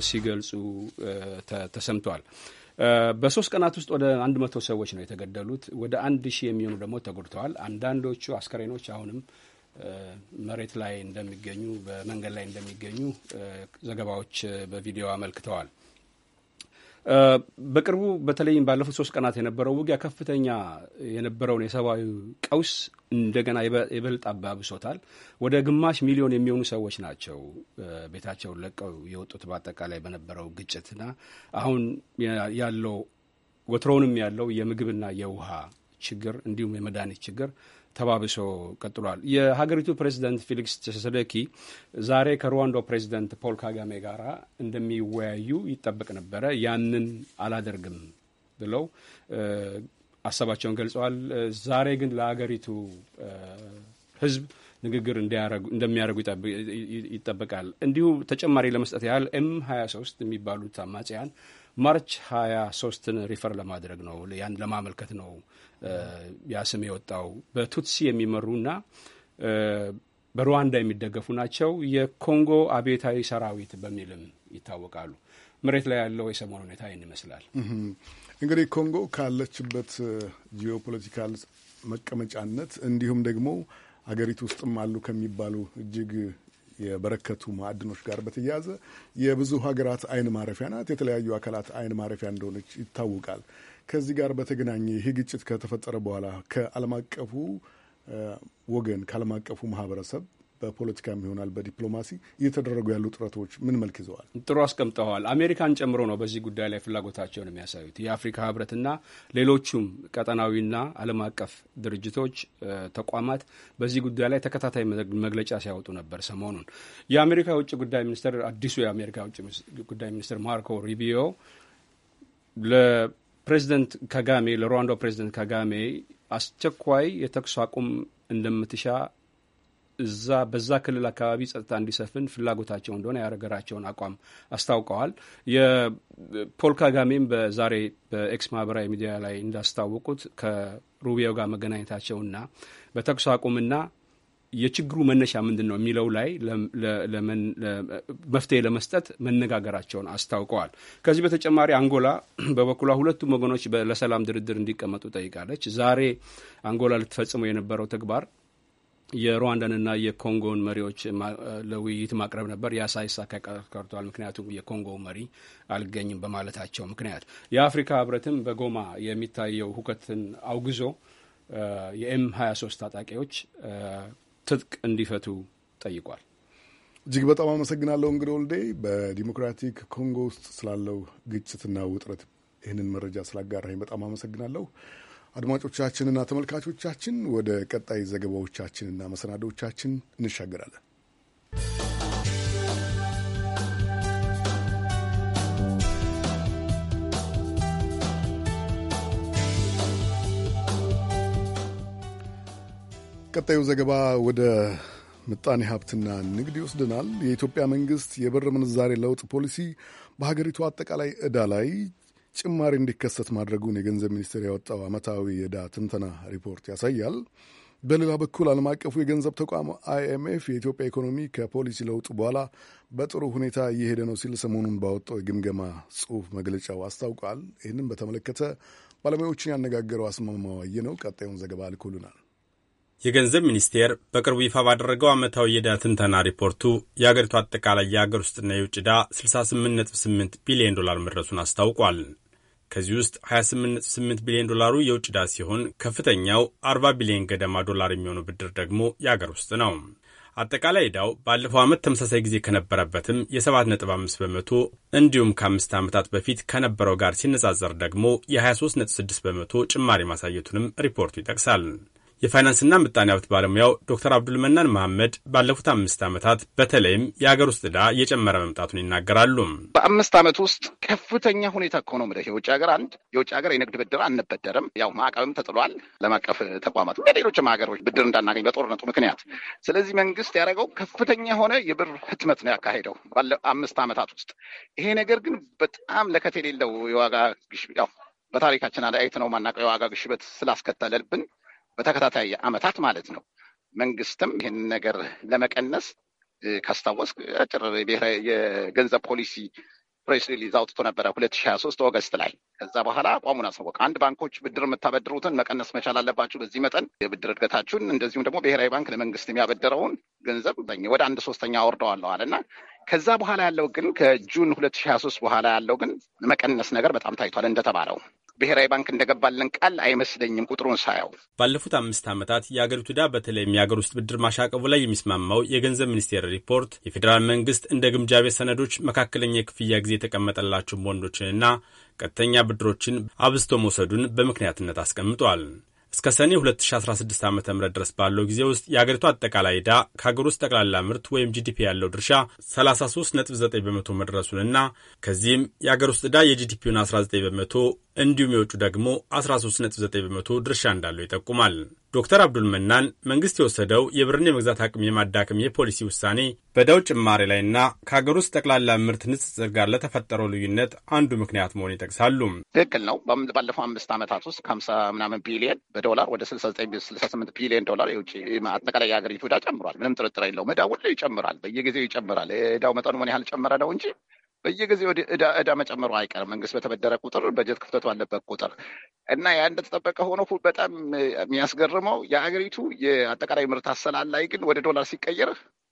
ሲገልጹ ተሰምቷል። በሶስት ቀናት ውስጥ ወደ አንድ መቶ ሰዎች ነው የተገደሉት። ወደ አንድ ሺህ የሚሆኑ ደግሞ ተጎድተዋል። አንዳንዶቹ አስከሬኖች አሁንም መሬት ላይ እንደሚገኙ፣ በመንገድ ላይ እንደሚገኙ ዘገባዎች በቪዲዮ አመልክተዋል። በቅርቡ በተለይም ባለፉት ሶስት ቀናት የነበረው ውጊያ ከፍተኛ የነበረውን የሰብአዊ ቀውስ እንደገና የበልጥ አባብሶታል። ወደ ግማሽ ሚሊዮን የሚሆኑ ሰዎች ናቸው ቤታቸውን ለቀው የወጡት በአጠቃላይ በነበረው ግጭትና አሁን ያለው ወትሮውንም ያለው የምግብና የውሃ ችግር እንዲሁም የመድኃኒት ችግር ተባብሶ ቀጥሏል። የሀገሪቱ ፕሬዚደንት ፊሊክስ ቺሴኬዲ ዛሬ ከሩዋንዶ ፕሬዚደንት ፖል ካጋሜ ጋር እንደሚወያዩ ይጠበቅ ነበረ። ያንን አላደርግም ብለው ሀሳባቸውን ገልጸዋል። ዛሬ ግን ለሀገሪቱ ሕዝብ ንግግር እንደሚያደርጉ ይጠበቃል። እንዲሁ ተጨማሪ ለመስጠት ያህል ኤም 23 የሚባሉት አማጽያን ማርች 23ን ሪፈር ለማድረግ ነው፣ ያን ለማመልከት ነው ያ ስም የወጣው። በቱትሲ የሚመሩና በሩዋንዳ የሚደገፉ ናቸው። የኮንጎ አብዮታዊ ሰራዊት በሚልም ይታወቃሉ። መሬት ላይ ያለው የሰሞኑ ሁኔታ ይህን ይመስላል። እንግዲህ ኮንጎ ካለችበት ጂኦፖለቲካል መቀመጫነት እንዲሁም ደግሞ አገሪቱ ውስጥም አሉ ከሚባሉ እጅግ የበረከቱ ማዕድኖች ጋር በተያያዘ የብዙ ሀገራት አይን ማረፊያ ናት። የተለያዩ አካላት አይን ማረፊያ እንደሆነች ይታወቃል። ከዚህ ጋር በተገናኘ ይህ ግጭት ከተፈጠረ በኋላ ከዓለም አቀፉ ወገን ከዓለም አቀፉ ማህበረሰብ በፖለቲካም ይሆናል በዲፕሎማሲ እየተደረጉ ያሉ ጥረቶች ምን መልክ ይዘዋል? ጥሩ አስቀምጠዋል። አሜሪካን ጨምሮ ነው በዚህ ጉዳይ ላይ ፍላጎታቸውን የሚያሳዩት። የአፍሪካ ህብረትና ሌሎቹም ቀጠናዊና ዓለም አቀፍ ድርጅቶች፣ ተቋማት በዚህ ጉዳይ ላይ ተከታታይ መግለጫ ሲያወጡ ነበር ሰሞኑን። የአሜሪካ የውጭ ጉዳይ ሚኒስትር አዲሱ የአሜሪካ የውጭ ጉዳይ ሚኒስትር ማርኮ ሩቢዮ ለፕሬዚደንት ካጋሜ ለሩዋንዳው ፕሬዚደንት ካጋሜ አስቸኳይ የተኩስ አቁም እንደምትሻ እዛ በዛ ክልል አካባቢ ጸጥታ እንዲሰፍን ፍላጎታቸው እንደሆነ የሀገራቸውን አቋም አስታውቀዋል። የፖል ካጋሜም በዛሬ በኤክስ ማህበራዊ ሚዲያ ላይ እንዳስታወቁት ከሩቢዮ ጋር መገናኘታቸውና በተኩስ አቁምና የችግሩ መነሻ ምንድን ነው የሚለው ላይ መፍትሄ ለመስጠት መነጋገራቸውን አስታውቀዋል። ከዚህ በተጨማሪ አንጎላ በበኩሏ ሁለቱም ወገኖች ለሰላም ድርድር እንዲቀመጡ ጠይቃለች። ዛሬ አንጎላ ልትፈጽመው የነበረው ተግባር የሩዋንዳንና የኮንጎን መሪዎች ለውይይት ማቅረብ ነበር። ያ ሳይሳካ ቀርቷል። ምክንያቱም የኮንጎ መሪ አልገኝም በማለታቸው ምክንያት የአፍሪካ ህብረትም በጎማ የሚታየው ሁከትን አውግዞ የኤም 23 ታጣቂዎች ትጥቅ እንዲፈቱ ጠይቋል። እጅግ በጣም አመሰግናለሁ እንግዲህ ወልዴ በዲሞክራቲክ ኮንጎ ውስጥ ስላለው ግጭትና ውጥረት ይህንን መረጃ ስላጋራኝ በጣም አመሰግናለሁ። አድማጮቻችንና ተመልካቾቻችን ወደ ቀጣይ ዘገባዎቻችንና መሰናዶቻችን እንሻገራለን። ቀጣዩ ዘገባ ወደ ምጣኔ ሀብትና ንግድ ይወስደናል። የኢትዮጵያ መንግስት የብር ምንዛሬ ለውጥ ፖሊሲ በሀገሪቱ አጠቃላይ ዕዳ ላይ ጭማሪ እንዲከሰት ማድረጉን የገንዘብ ሚኒስቴር ያወጣው ዓመታዊ የዕዳ ትንተና ሪፖርት ያሳያል። በሌላ በኩል ዓለም አቀፉ የገንዘብ ተቋም አይኤምኤፍ የኢትዮጵያ ኢኮኖሚ ከፖሊሲ ለውጡ በኋላ በጥሩ ሁኔታ እየሄደ ነው ሲል ሰሞኑን ባወጣው የግምገማ ጽሑፍ መግለጫው አስታውቋል። ይህንም በተመለከተ ባለሙያዎችን ያነጋገረው አስማማዋየ ነው። ቀጣዩን ዘገባ ልኮልናል። የገንዘብ ሚኒስቴር በቅርቡ ይፋ ባደረገው ዓመታዊ የዕዳ ትንተና ሪፖርቱ የአገሪቱ አጠቃላይ የአገር ውስጥና የውጭ ዕዳ 68.8 ቢሊዮን ዶላር መድረሱን አስታውቋል። ከዚህ ውስጥ 28.8 ቢሊዮን ዶላሩ የውጭ ዕዳ ሲሆን ከፍተኛው 40 ቢሊዮን ገደማ ዶላር የሚሆኑ ብድር ደግሞ የአገር ውስጥ ነው። አጠቃላይ ዕዳው ባለፈው ዓመት ተመሳሳይ ጊዜ ከነበረበትም የ7.5 በመቶ እንዲሁም ከአምስት ዓመታት በፊት ከነበረው ጋር ሲነጻጸር ደግሞ የ23.6 በመቶ ጭማሪ ማሳየቱንም ሪፖርቱ ይጠቅሳል። የፋይናንስና ምጣኔ ሀብት ባለሙያው ዶክተር አብዱልመናን መሐመድ ባለፉት አምስት ዓመታት በተለይም የሀገር ውስጥ ዕዳ እየጨመረ መምጣቱን ይናገራሉ። በአምስት ዓመት ውስጥ ከፍተኛ ሁኔታ እኮ ነው የውጭ ሀገር አንድ የውጭ ሀገር የንግድ ብድር አንበደርም። ያው ማዕቀብም ተጥሏል ለማቀፍ ተቋማት እንደ ሀገሮች ብድር እንዳናገኝ በጦርነቱ ምክንያት። ስለዚህ መንግስት ያደረገው ከፍተኛ የሆነ የብር ህትመት ነው ያካሄደው ባለ አምስት ዓመታት ውስጥ። ይሄ ነገር ግን በጣም ለከት የሌለው የዋጋ ግሽበት በታሪካችን አለ አይት ነው ማናውቀው የዋጋ ግሽበት ስላስከተለብን በተከታታይ ዓመታት ማለት ነው። መንግስትም ይህን ነገር ለመቀነስ ካስታወስ አጭር ብሔራዊ የገንዘብ ፖሊሲ ፕሬስ ሪሊዝ አውጥቶ ነበረ ሁለት ሺ ሀያ ሶስት ኦገስት ላይ። ከዛ በኋላ አቋሙን አሳወቀ። አንድ ባንኮች ብድር የምታበድሩትን መቀነስ መቻል አለባችሁ በዚህ መጠን የብድር እድገታችሁን፣ እንደዚሁም ደግሞ ብሔራዊ ባንክ ለመንግስት የሚያበድረውን ገንዘብ ወደ አንድ ሶስተኛ አለ እና ከዛ በኋላ ያለው ግን ከጁን ሁለት በኋላ ያለው ግን መቀነስ ነገር በጣም ታይቷል እንደተባለው ብሔራዊ ባንክ እንደገባልን ቃል አይመስለኝም ቁጥሩን ሳየው። ባለፉት አምስት ዓመታት የአገሪቱ ዕዳ በተለይም የአገር ውስጥ ብድር ማሻቀቡ ላይ የሚስማማው የገንዘብ ሚኒስቴር ሪፖርት የፌዴራል መንግስት እንደ ግምጃ ቤት ሰነዶች መካከለኛ የክፍያ ጊዜ የተቀመጠላቸውን ቦንዶችንና ቀጥተኛ ብድሮችን አብዝቶ መውሰዱን በምክንያትነት አስቀምጧል። እስከ ሰኔ 2016 ዓ ም ድረስ ባለው ጊዜ ውስጥ የአገሪቱ አጠቃላይ ዕዳ ከሀገር ውስጥ ጠቅላላ ምርት ወይም ጂዲፒ ያለው ድርሻ 33.9 በመቶ መድረሱንና ከዚህም የአገር ውስጥ ዕዳ የጂዲፒውን 19 በመቶ እንዲሁም የውጩ ደግሞ 13.9 በመቶ ድርሻ እንዳለው ይጠቁማል። ዶክተር አብዱል መናን መንግስት የወሰደው የብርን የመግዛት አቅም የማዳከም የፖሊሲ ውሳኔ በዕዳው ጭማሬ ላይና ከሀገር ውስጥ ጠቅላላ ምርት ንጽጽር ጋር ለተፈጠረው ልዩነት አንዱ ምክንያት መሆን ይጠቅሳሉ። ትክክል ነው። ባለፈው አምስት ዓመታት ውስጥ ከሀምሳ ምናምን ቢሊየን በዶላር ወደ ስልሳ ስምንት ቢሊየን ዶላር የውጭ አጠቃላይ የሀገሪቱ ዕዳ ጨምሯል። ምንም ጥርጥር የለውም። ዕዳ ሁሉ ይጨምራል፣ በየጊዜው ይጨምራል። ዕዳው መጠኑ ምን ያህል ጨመረ ነው እንጂ በየጊዜው እዳ መጨመሩ አይቀርም። መንግስት በተበደረ ቁጥር በጀት ክፍተቱ አለበት ቁጥር እና ያ እንደተጠበቀ ሆኖ በጣም የሚያስገርመው የሀገሪቱ የአጠቃላይ ምርት አሰላል ላይ ግን ወደ ዶላር ሲቀየር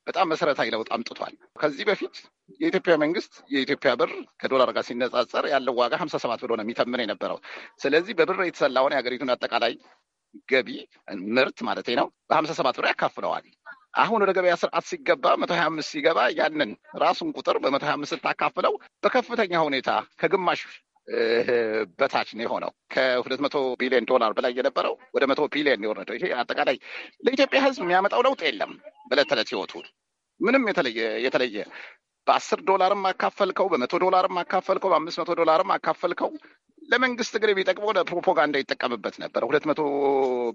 በጣም መሰረታዊ ለውጥ አምጥቷል። ከዚህ በፊት የኢትዮጵያ መንግስት የኢትዮጵያ ብር ከዶላር ጋር ሲነጻጸር ያለው ዋጋ ሀምሳ ሰባት ብሎ ነው የሚተምን የነበረው። ስለዚህ በብር የተሰላውን የሀገሪቱን አጠቃላይ ገቢ ምርት ማለት ነው በሀምሳ ሰባት ብሎ ያካፍለዋል። አሁን ወደ ገበያ ስርዓት ሲገባ መቶ ሀያ አምስት ሲገባ ያንን ራሱን ቁጥር በመቶ ሀያ አምስት ስታካፍለው በከፍተኛ ሁኔታ ከግማሽ በታች ነው የሆነው። ከሁለት መቶ ቢሊዮን ዶላር በላይ የነበረው ወደ መቶ ቢሊዮን የወረደው ይሄ አጠቃላይ ለኢትዮጵያ ሕዝብ የሚያመጣው ለውጥ የለም። በዕለት ተዕለት ህይወቱ ምንም የተለየ የተለየ በአስር ዶላርም አካፈልከው፣ በመቶ ዶላርም አካፈልከው፣ በአምስት መቶ ዶላርም አካፈልከው ለመንግስት እግር ቢጠቅመው ለፕሮፓጋንዳ ይጠቀምበት ነበር። ሁለት መቶ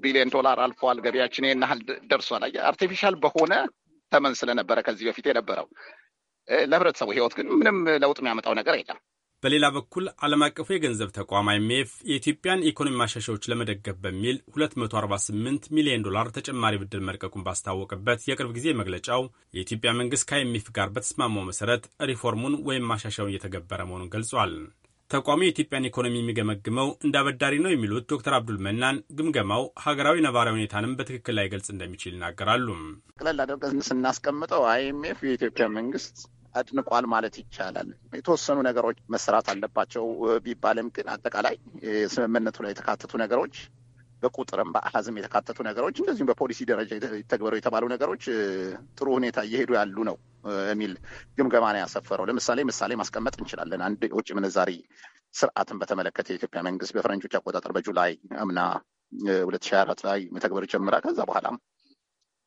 ቢሊዮን ዶላር አልፏል፣ ገቢያችን ይህን ያህል ደርሷል። አርቲፊሻል በሆነ ተመን ስለነበረ ከዚህ በፊት የነበረው ለህብረተሰቡ ህይወት ግን ምንም ለውጥ የሚያመጣው ነገር የለም። በሌላ በኩል ዓለም አቀፉ የገንዘብ ተቋም አይምኤፍ የኢትዮጵያን ኢኮኖሚ ማሻሻዎች ለመደገፍ በሚል 248 ሚሊዮን ዶላር ተጨማሪ ብድር መልቀቁን ባስታወቀበት የቅርብ ጊዜ መግለጫው የኢትዮጵያ መንግስት ከአይምኤፍ ጋር በተስማማው መሰረት ሪፎርሙን ወይም ማሻሻውን እየተገበረ መሆኑን ገልጿል። ተቋሙ የኢትዮጵያን ኢኮኖሚ የሚገመግመው እንደ አበዳሪ ነው የሚሉት ዶክተር አብዱል መናን ግምገማው ሀገራዊ ነባራዊ ሁኔታንም በትክክል ላይገልጽ እንደሚችል ይናገራሉ። ቅለል አድርገን ስናስቀምጠው አይኤምኤፍ የኢትዮጵያ መንግስት አድንቋል ማለት ይቻላል። የተወሰኑ ነገሮች መሰራት አለባቸው ቢባልም ግን አጠቃላይ ስምምነቱ ላይ የተካተቱ ነገሮች በቁጥርም በአሃዝም የተካተቱ ነገሮች እንደዚሁም በፖሊሲ ደረጃ ተግበሩ የተባሉ ነገሮች ጥሩ ሁኔታ እየሄዱ ያሉ ነው የሚል ግምገማ ነው ያሰፈረው። ለምሳሌ ምሳሌ ማስቀመጥ እንችላለን። አንድ የውጭ ምንዛሪ ስርዓትን በተመለከተ የኢትዮጵያ መንግስት በፈረንጆች አቆጣጠር በጁላይ አምና ሁለት ሺህ አራት ላይ መተግበር ጀምራ ከዛ በኋላም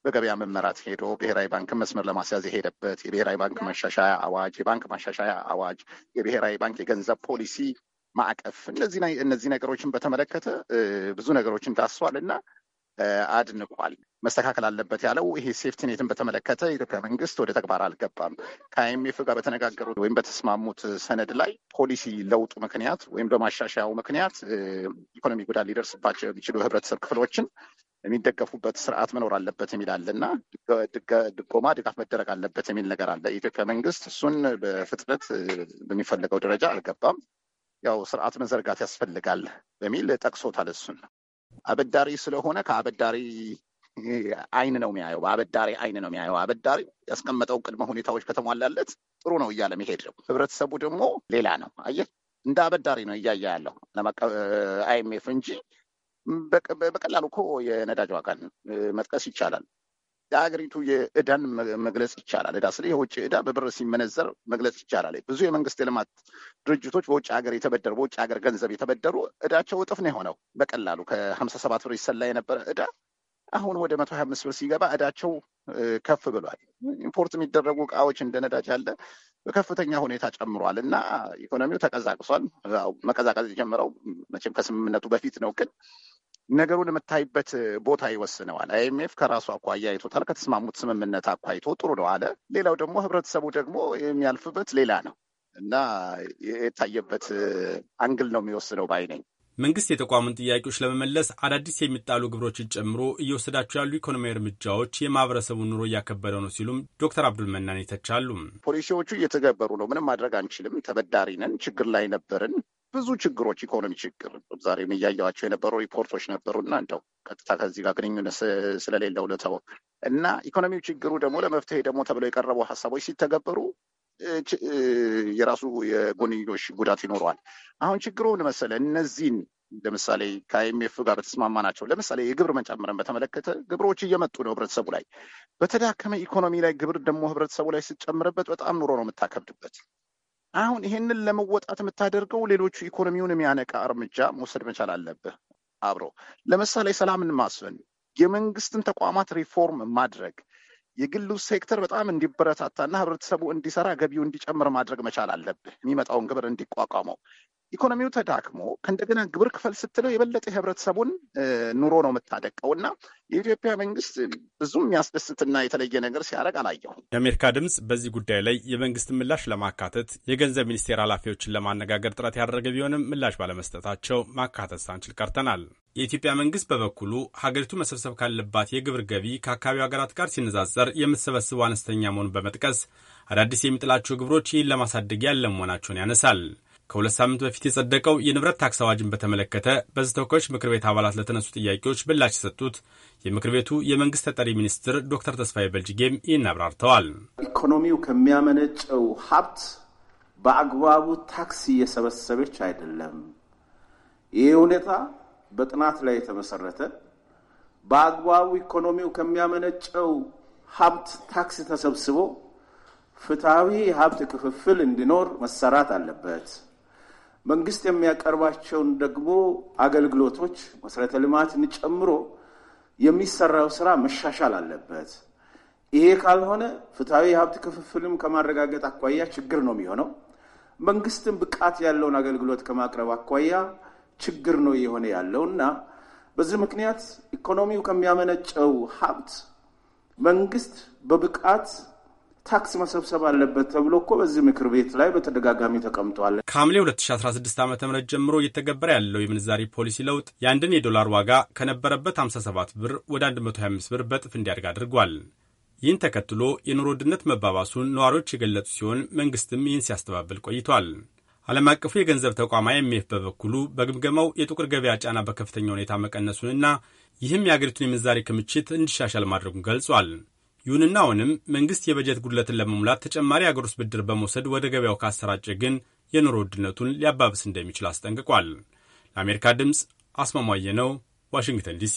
በገበያ መመራት ሄዶ ብሔራዊ ባንክን መስመር ለማስያዝ የሄደበት የብሔራዊ ባንክ ማሻሻያ አዋጅ፣ የባንክ ማሻሻያ አዋጅ፣ የብሔራዊ ባንክ የገንዘብ ፖሊሲ ማዕቀፍ፣ እነዚህ ነገሮችን በተመለከተ ብዙ ነገሮችን ዳስሷል እና አድንቋል። መስተካከል አለበት ያለው ይሄ ሴፍቲኔትን በተመለከተ የኢትዮጵያ መንግስት ወደ ተግባር አልገባም። ከአይኤምኤፍ ጋር በተነጋገሩት ወይም በተስማሙት ሰነድ ላይ ፖሊሲ ለውጡ ምክንያት ወይም በማሻሻያው ምክንያት ኢኮኖሚ ጉዳት ሊደርስባቸው የሚችሉ ህብረተሰብ ክፍሎችን የሚደገፉበት ስርዓት መኖር አለበት የሚል አለ እና ድጎማ ድጋፍ መደረግ አለበት የሚል ነገር አለ። የኢትዮጵያ መንግስት እሱን በፍጥነት በሚፈለገው ደረጃ አልገባም። ያው ስርዓት መዘርጋት ያስፈልጋል በሚል ጠቅሶታል። እሱን አበዳሪ ስለሆነ ከአበዳሪ አይን ነው የሚያየው፣ በአበዳሪ አይን ነው የሚያየው። አበዳሪ ያስቀመጠው ቅድመ ሁኔታዎች ከተሟላለት ጥሩ ነው እያለ መሄድ ነው። ህብረተሰቡ ደግሞ ሌላ ነው። አየህ እንደ አበዳሪ ነው እያየ ያለው አይኤምኤፍ እንጂ በቀላሉ እኮ የነዳጅ ዋጋን መጥቀስ ይቻላል። የሀገሪቱ የእዳን መግለጽ ይቻላል። እዳ ስለ የውጭ እዳ በብር ሲመነዘር መግለጽ ይቻላል። ብዙ የመንግስት የልማት ድርጅቶች በውጭ ሀገር የተበደሩ በውጭ ሀገር ገንዘብ የተበደሩ እዳቸው እጥፍ ነው የሆነው በቀላሉ ከሀምሳ ሰባት ብር ይሰላ የነበረ እዳ አሁን ወደ መቶ ሀያ አምስት ብር ሲገባ እዳቸው ከፍ ብሏል። ኢምፖርት የሚደረጉ እቃዎች እንደ ነዳጅ ያለ በከፍተኛ ሁኔታ ጨምሯል እና ኢኮኖሚው ተቀዛቅሷል። መቀዛቀዝ የጀመረው መቼም ከስምምነቱ በፊት ነው ግን ነገሩን የምታይበት ቦታ ይወስነዋል። አይኤምኤፍ ከራሱ አኳያ አይቶታል። ከተስማሙት ስምምነት አኳይቶ ጥሩ ነው አለ። ሌላው ደግሞ ህብረተሰቡ ደግሞ የሚያልፍበት ሌላ ነው እና የታየበት አንግል ነው የሚወስነው ባይ ነኝ። መንግስት የተቋሙን ጥያቄዎች ለመመለስ አዳዲስ የሚጣሉ ግብሮችን ጨምሮ እየወሰዳቸው ያሉ ኢኮኖሚያዊ እርምጃዎች የማህበረሰቡን ኑሮ እያከበረ ነው ሲሉም ዶክተር አብዱል መናን ይተቻሉ። ፖሊሲዎቹ እየተገበሩ ነው፣ ምንም ማድረግ አንችልም፣ ተበዳሪ ነን፣ ችግር ላይ ነበርን ብዙ ችግሮች ኢኮኖሚ ችግር ዛሬ እያየኋቸው የነበሩ ሪፖርቶች ነበሩ እና እንደው ቀጥታ ከዚህ ጋር ግንኙነት ስለሌለው ልተው እና ኢኮኖሚው ችግሩ ደግሞ ለመፍትሄ ደግሞ ተብለው የቀረቡ ሀሳቦች ሲተገበሩ የራሱ የጎንዮሽ ጉዳት ይኖረዋል። አሁን ችግሩ ምን እነዚህን ለምሳሌ ከአይኤምኤፍ ጋር በተስማማ ናቸው። ለምሳሌ የግብር መጨመርን በተመለከተ ግብሮች እየመጡ ነው ህብረተሰቡ ላይ። በተዳከመ ኢኮኖሚ ላይ ግብር ደግሞ ህብረተሰቡ ላይ ስትጨምርበት በጣም ኑሮ ነው የምታከብድበት። አሁን ይሄንን ለመወጣት የምታደርገው ሌሎቹ ኢኮኖሚውን የሚያነቃ እርምጃ መውሰድ መቻል አለብህ። አብሮ ለምሳሌ ሰላምን ማስፈን፣ የመንግስትን ተቋማት ሪፎርም ማድረግ፣ የግሉ ሴክተር በጣም እንዲበረታታና ህብረተሰቡ እንዲሰራ ገቢው እንዲጨምር ማድረግ መቻል አለብህ። የሚመጣውን ግብር እንዲቋቋመው ኢኮኖሚው ተዳክሞ ከእንደገና ግብር ክፈል ስትለው የበለጠ የህብረተሰቡን ኑሮ ነው የምታደቀው እና የኢትዮጵያ መንግስት ብዙም የሚያስደስትና የተለየ ነገር ሲያደርግ አላየሁ የአሜሪካ ድምፅ በዚህ ጉዳይ ላይ የመንግስት ምላሽ ለማካተት የገንዘብ ሚኒስቴር ኃላፊዎችን ለማነጋገር ጥረት ያደረገ ቢሆንም ምላሽ ባለመስጠታቸው ማካተት ሳንችል ቀርተናል። የኢትዮጵያ መንግስት በበኩሉ ሀገሪቱ መሰብሰብ ካለባት የግብር ገቢ ከአካባቢው ሀገራት ጋር ሲነጻጸር የምትሰበስበው አነስተኛ መሆኑን በመጥቀስ አዳዲስ የሚጥላቸው ግብሮች ይህን ለማሳደግ ያለ መሆናቸውን ያነሳል። ከሁለት ሳምንት በፊት የጸደቀው የንብረት ታክስ አዋጅን በተመለከተ በሕዝብ ተወካዮች ምክር ቤት አባላት ለተነሱ ጥያቄዎች ምላሽ የሰጡት የምክር ቤቱ የመንግስት ተጠሪ ሚኒስትር ዶክተር ተስፋዬ በልጅጌም ይህን አብራርተዋል። ኢኮኖሚው ከሚያመነጨው ሀብት በአግባቡ ታክስ እየሰበሰበች አይደለም። ይህ ሁኔታ በጥናት ላይ የተመሰረተ በአግባቡ ኢኮኖሚው ከሚያመነጨው ሀብት ታክስ ተሰብስቦ ፍትሐዊ የሀብት ክፍፍል እንዲኖር መሰራት አለበት። መንግስት የሚያቀርባቸውን ደግሞ አገልግሎቶች መሰረተ ልማትን ጨምሮ የሚሰራው ስራ መሻሻል አለበት። ይሄ ካልሆነ ፍትሐዊ የሀብት ክፍፍልም ከማረጋገጥ አኳያ ችግር ነው የሚሆነው። መንግስትም ብቃት ያለውን አገልግሎት ከማቅረብ አኳያ ችግር ነው የሆነ ያለው እና በዚህ ምክንያት ኢኮኖሚው ከሚያመነጨው ሀብት መንግስት በብቃት ታክስ መሰብሰብ አለበት ተብሎ እኮ በዚህ ምክር ቤት ላይ በተደጋጋሚ ተቀምጧል። ከሐምሌ 2016 ዓ ም ጀምሮ እየተገበረ ያለው የምንዛሪ ፖሊሲ ለውጥ የአንድን የዶላር ዋጋ ከነበረበት 57 ብር ወደ 125 ብር በጥፍ እንዲያድግ አድርጓል። ይህን ተከትሎ የኑሮ ውድነት መባባሱን ነዋሪዎች የገለጹ ሲሆን መንግስትም ይህን ሲያስተባብል ቆይቷል። ዓለም አቀፉ የገንዘብ ተቋም አይኤምኤፍ በበኩሉ በግምገማው የጥቁር ገበያ ጫና በከፍተኛ ሁኔታ መቀነሱንና ይህም የአገሪቱን የምንዛሪ ክምችት እንዲሻሻል ማድረጉን ገልጿል። ይሁንና አሁንም መንግሥት የበጀት ጉድለትን ለመሙላት ተጨማሪ አገር ውስጥ ብድር በመውሰድ ወደ ገበያው ካሰራጨ ግን የኑሮ ውድነቱን ሊያባብስ እንደሚችል አስጠንቅቋል። ለአሜሪካ ድምፅ አስማማየ ነው፣ ዋሽንግተን ዲሲ።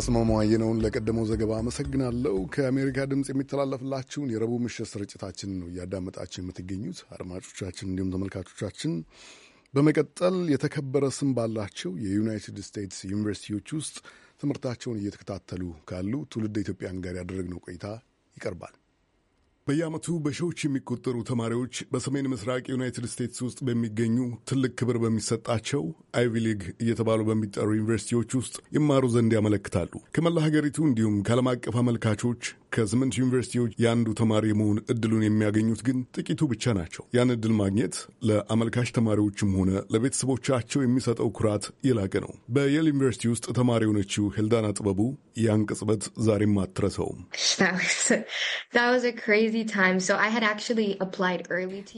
አስማማ የነውን ለቀደመው ዘገባ አመሰግናለሁ። ከአሜሪካ ድምፅ የሚተላለፍላችሁን የረቡዕ ምሽት ስርጭታችን ነው እያዳመጣችሁ የምትገኙት አድማጮቻችን፣ እንዲሁም ተመልካቾቻችን በመቀጠል የተከበረ ስም ባላቸው የዩናይትድ ስቴትስ ዩኒቨርሲቲዎች ውስጥ ትምህርታቸውን እየተከታተሉ ካሉ ትውልድ ኢትዮጵያን ጋር ያደረግነው ቆይታ ይቀርባል። በየዓመቱ በሺዎች የሚቆጠሩ ተማሪዎች በሰሜን ምስራቅ ዩናይትድ ስቴትስ ውስጥ በሚገኙ ትልቅ ክብር በሚሰጣቸው አይቪ ሊግ እየተባሉ በሚጠሩ ዩኒቨርሲቲዎች ውስጥ ይማሩ ዘንድ ያመለክታሉ። ከመላ ሀገሪቱ እንዲሁም ከዓለም አቀፍ አመልካቾች ከስምንት ዩኒቨርሲቲዎች የአንዱ ተማሪ መሆን እድሉን የሚያገኙት ግን ጥቂቱ ብቻ ናቸው። ያን እድል ማግኘት ለአመልካች ተማሪዎችም ሆነ ለቤተሰቦቻቸው የሚሰጠው ኩራት የላቀ ነው። በየል ዩኒቨርሲቲ ውስጥ ተማሪ የሆነችው ሄልዳና ጥበቡ ያን ቅጽበት ዛሬም አትረሰውም።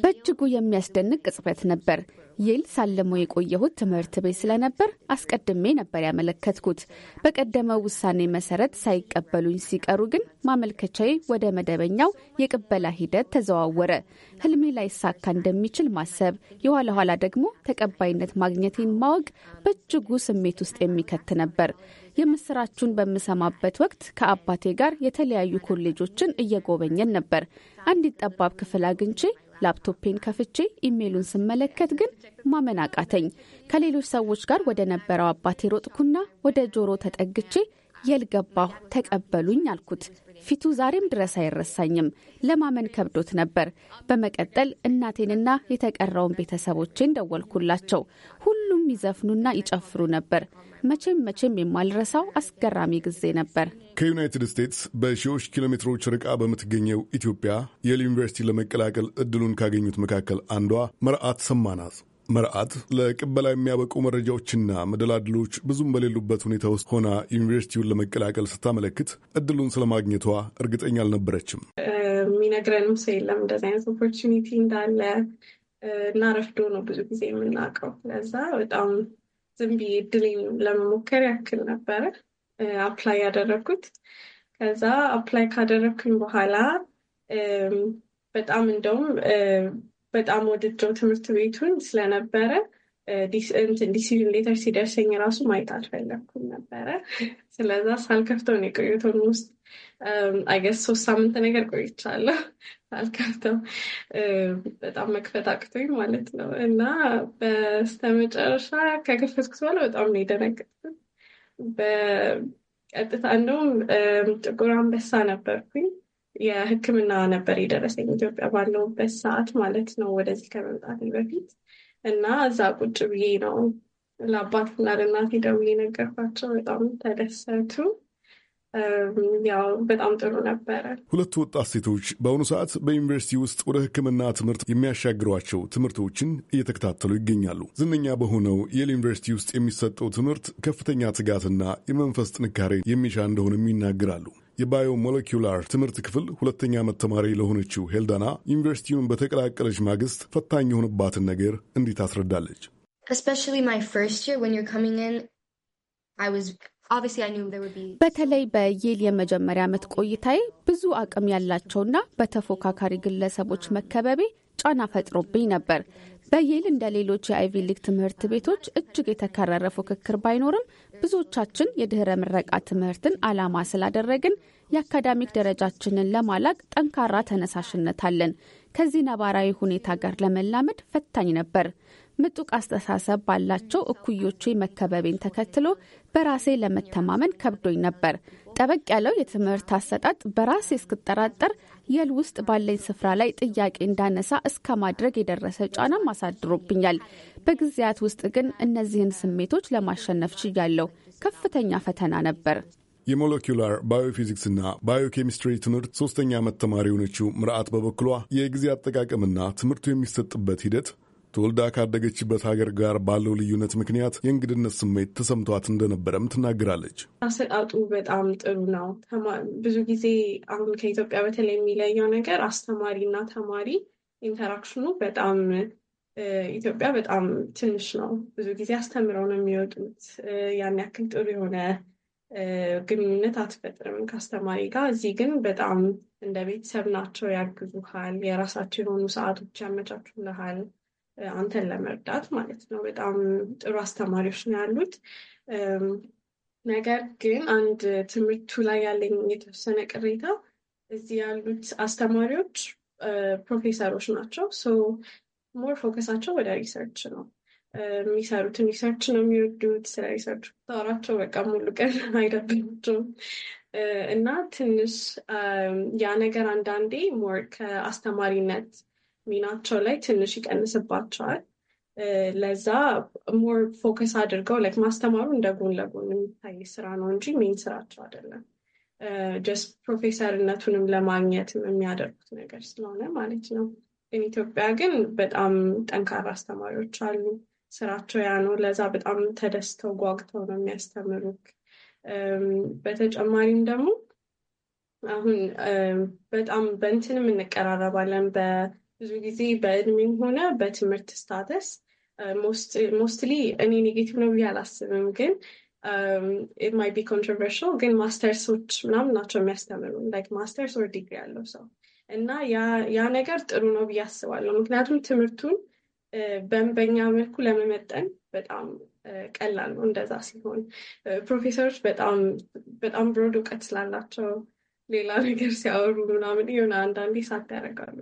በእጅጉ የሚያስደንቅ ቅጽበት ነበር። ይል ሳለሞ የቆየሁት ትምህርት ቤት ስለነበር አስቀድሜ ነበር ያመለከትኩት። በቀደመው ውሳኔ መሰረት ሳይቀበሉኝ ሲቀሩ ግን ማመልከቻዬ ወደ መደበኛው የቅበላ ሂደት ተዘዋወረ። ህልሜ ላይሳካ እንደሚችል ማሰብ፣ የኋላ ኋላ ደግሞ ተቀባይነት ማግኘቴን ማወቅ በእጅጉ ስሜት ውስጥ የሚከት ነበር። የምስራቹን በምሰማበት ወቅት ከአባቴ ጋር የተለያዩ ኮሌጆችን እየጎበኘን ነበር። አንዲት ጠባብ ክፍል አግኝቼ ላፕቶፔን ከፍቼ ኢሜሉን ስመለከት ግን ማመን አቃተኝ። ከሌሎች ሰዎች ጋር ወደ ነበረው አባቴ ሮጥኩና ወደ ጆሮ ተጠግቼ የልገባሁ ተቀበሉኝ አልኩት። ፊቱ ዛሬም ድረስ አይረሳኝም። ለማመን ከብዶት ነበር። በመቀጠል እናቴንና የተቀረውን ቤተሰቦቼን ደወልኩላቸው። ሁሉ ሁሉም ይዘፍኑና ይጨፍሩ ነበር። መቼም መቼም የማልረሳው አስገራሚ ጊዜ ነበር። ከዩናይትድ ስቴትስ በሺዎች ኪሎ ሜትሮች ርቃ በምትገኘው ኢትዮጵያ የል ዩኒቨርሲቲ ለመቀላቀል እድሉን ካገኙት መካከል አንዷ መርዓት ሰማናት። መርዓት ለቅበላ የሚያበቁ መረጃዎችና መደላድሎች ብዙም በሌሉበት ሁኔታ ውስጥ ሆና ዩኒቨርሲቲውን ለመቀላቀል ስታመለክት እድሉን ስለማግኘቷ እርግጠኛ አልነበረችም። የሚነግረንም ሰው የለም እንደዚህ አይነት ኦፖርቹኒቲ እንዳለ እና ረፍዶ ነው ብዙ ጊዜ የምናውቀው። ለዛ በጣም ዝም ብዬ ለመሞከር ያክል ነበረ አፕላይ ያደረግኩት። ከዛ አፕላይ ካደረግኩኝ በኋላ በጣም እንደውም በጣም ወድጀው ትምህርት ቤቱን ስለነበረ ዲሲዥን ሌተር ሲደርሰኝ ራሱ ማየት አልፈለግኩም ነበረ። ስለዛ ሳልከፍተው ነው የቆየሁትን ውስጥ አይገስ ሶስት ሳምንት ነገር ቆይቻለሁ ሳልከፍተው በጣም መክፈት አቅቶኝ ማለት ነው። እና በስተመጨረሻ ከከፈትኩት በኋላ በጣም ነው የደነገጥኩት። በቀጥታ እንደውም ጥቁር አንበሳ ነበርኩኝ የሕክምና ነበር የደረሰኝ ኢትዮጵያ ባለውበት ሰዓት ማለት ነው ወደዚህ ከመምጣት በፊት እና እዛ ቁጭ ብዬ ነው ለአባትና ለእናት ደውዬ ነገርኳቸው። በጣም ተደሰቱ። ያው በጣም ጥሩ ነበረ። ሁለቱ ወጣት ሴቶች በአሁኑ ሰዓት በዩኒቨርሲቲ ውስጥ ወደ ሕክምና ትምህርት የሚያሻግሯቸው ትምህርቶችን እየተከታተሉ ይገኛሉ። ዝነኛ በሆነው የል ዩኒቨርሲቲ ውስጥ የሚሰጠው ትምህርት ከፍተኛ ትጋትና የመንፈስ ጥንካሬ የሚሻ እንደሆነም ይናገራሉ። የባዮ ሞለኪላር ትምህርት ክፍል ሁለተኛ ዓመት ተማሪ ለሆነችው ሄልዳና ዩኒቨርሲቲውን በተቀላቀለች ማግስት ፈታኝ የሆንባትን ነገር እንዲህ ታስረዳለች። በተለይ በየል የመጀመሪያ ዓመት ቆይታዬ ብዙ አቅም ያላቸውና በተፎካካሪ ግለሰቦች መከበቤ ጫና ፈጥሮብኝ ነበር። በየል እንደ ሌሎች የአይቪ ሊግ ትምህርት ቤቶች እጅግ የተከረረ ፉክክር ባይኖርም ብዙዎቻችን የድኅረ ምረቃ ትምህርትን ዓላማ ስላደረግን የአካዳሚክ ደረጃችንን ለማላቅ ጠንካራ ተነሳሽነት አለን። ከዚህ ነባራዊ ሁኔታ ጋር ለመላመድ ፈታኝ ነበር። ምጡቅ አስተሳሰብ ባላቸው እኩዮቼ መከበቤን ተከትሎ በራሴ ለመተማመን ከብዶኝ ነበር። ጠበቅ ያለው የትምህርት አሰጣጥ በራሴ እስክጠራጠር የል ውስጥ ባለኝ ስፍራ ላይ ጥያቄ እንዳነሳ እስከ ማድረግ የደረሰ ጫናም አሳድሮብኛል። በጊዜያት ውስጥ ግን እነዚህን ስሜቶች ለማሸነፍ ችያለሁ። ከፍተኛ ፈተና ነበር። የሞለኪውላር ባዮፊዚክስና ባዮኬሚስትሪ ትምህርት ሶስተኛ ዓመት ተማሪ የሆነችው ምርአት በበኩሏ የጊዜ አጠቃቀምና ትምህርቱ የሚሰጥበት ሂደት ተወልዳ ካደገችበት ሀገር ጋር ባለው ልዩነት ምክንያት የእንግድነት ስሜት ተሰምቷት እንደነበረም ትናገራለች። አሰጣጡ በጣም ጥሩ ነው። ብዙ ጊዜ አሁን ከኢትዮጵያ በተለይ የሚለየው ነገር አስተማሪ እና ተማሪ ኢንተራክሽኑ በጣም ኢትዮጵያ በጣም ትንሽ ነው። ብዙ ጊዜ አስተምረው ነው የሚወጡት። ያን ያክል ጥሩ የሆነ ግንኙነት አትፈጥርም ከአስተማሪ ጋር። እዚህ ግን በጣም እንደ ቤተሰብ ናቸው፣ ያግዙሃል፣ የራሳቸው የሆኑ ሰዓቶች ያመቻቹልሃል። አንተን ለመርዳት ማለት ነው። በጣም ጥሩ አስተማሪዎች ነው ያሉት። ነገር ግን አንድ ትምህርቱ ላይ ያለኝ የተወሰነ ቅሬታ እዚህ ያሉት አስተማሪዎች ፕሮፌሰሮች ናቸው። ሶ ሞር ፎከሳቸው ወደ ሪሰርች ነው። የሚሰሩትን ሪሰርች ነው የሚወዱት። ስለ ሪሰርች ታወራቸው በቃ ሙሉ ቀን አይደብራቸውም። እና ትንሽ ያ ነገር አንዳንዴ ሞር ከአስተማሪነት ሚናቸው ላይ ትንሽ ይቀንስባቸዋል። ለዛ ሞር ፎከስ አድርገው ላይክ ማስተማሩ እንደ ጎን ለጎን የሚታይ ስራ ነው እንጂ ሜን ስራቸው አይደለም። ጀስት ፕሮፌሰርነቱንም ለማግኘት የሚያደርጉት ነገር ስለሆነ ማለት ነው። ግን ኢትዮጵያ ግን በጣም ጠንካራ አስተማሪዎች አሉ። ስራቸው ያ ነው። ለዛ በጣም ተደስተው ጓግተው ነው የሚያስተምሩት። በተጨማሪም ደግሞ አሁን በጣም በእንትንም እንቀራረባለን ብዙ ጊዜ በእድሜም ሆነ በትምህርት ስታተስ ሞስትሊ እኔ ኔጌቲቭ ነው ብዬ አላስብም፣ ግን ማይ ቢ ኮንትሮቨርሽል ግን ማስተርሶች ምናምን ናቸው የሚያስተምሩ ላይክ ማስተርስ ወር ዲግሪ ያለው ሰው እና ያ ነገር ጥሩ ነው ብዬ አስባለሁ። ምክንያቱም ትምህርቱን በእንበኛ መልኩ ለመመጠን በጣም ቀላል ነው እንደዛ ሲሆን ፕሮፌሰሮች በጣም በጣም ብሮድ እውቀት ስላላቸው ሌላ ነገር ሲያወሩ ምናምን የሆነ አንዳንዴ ሳት ያደርጋሉ።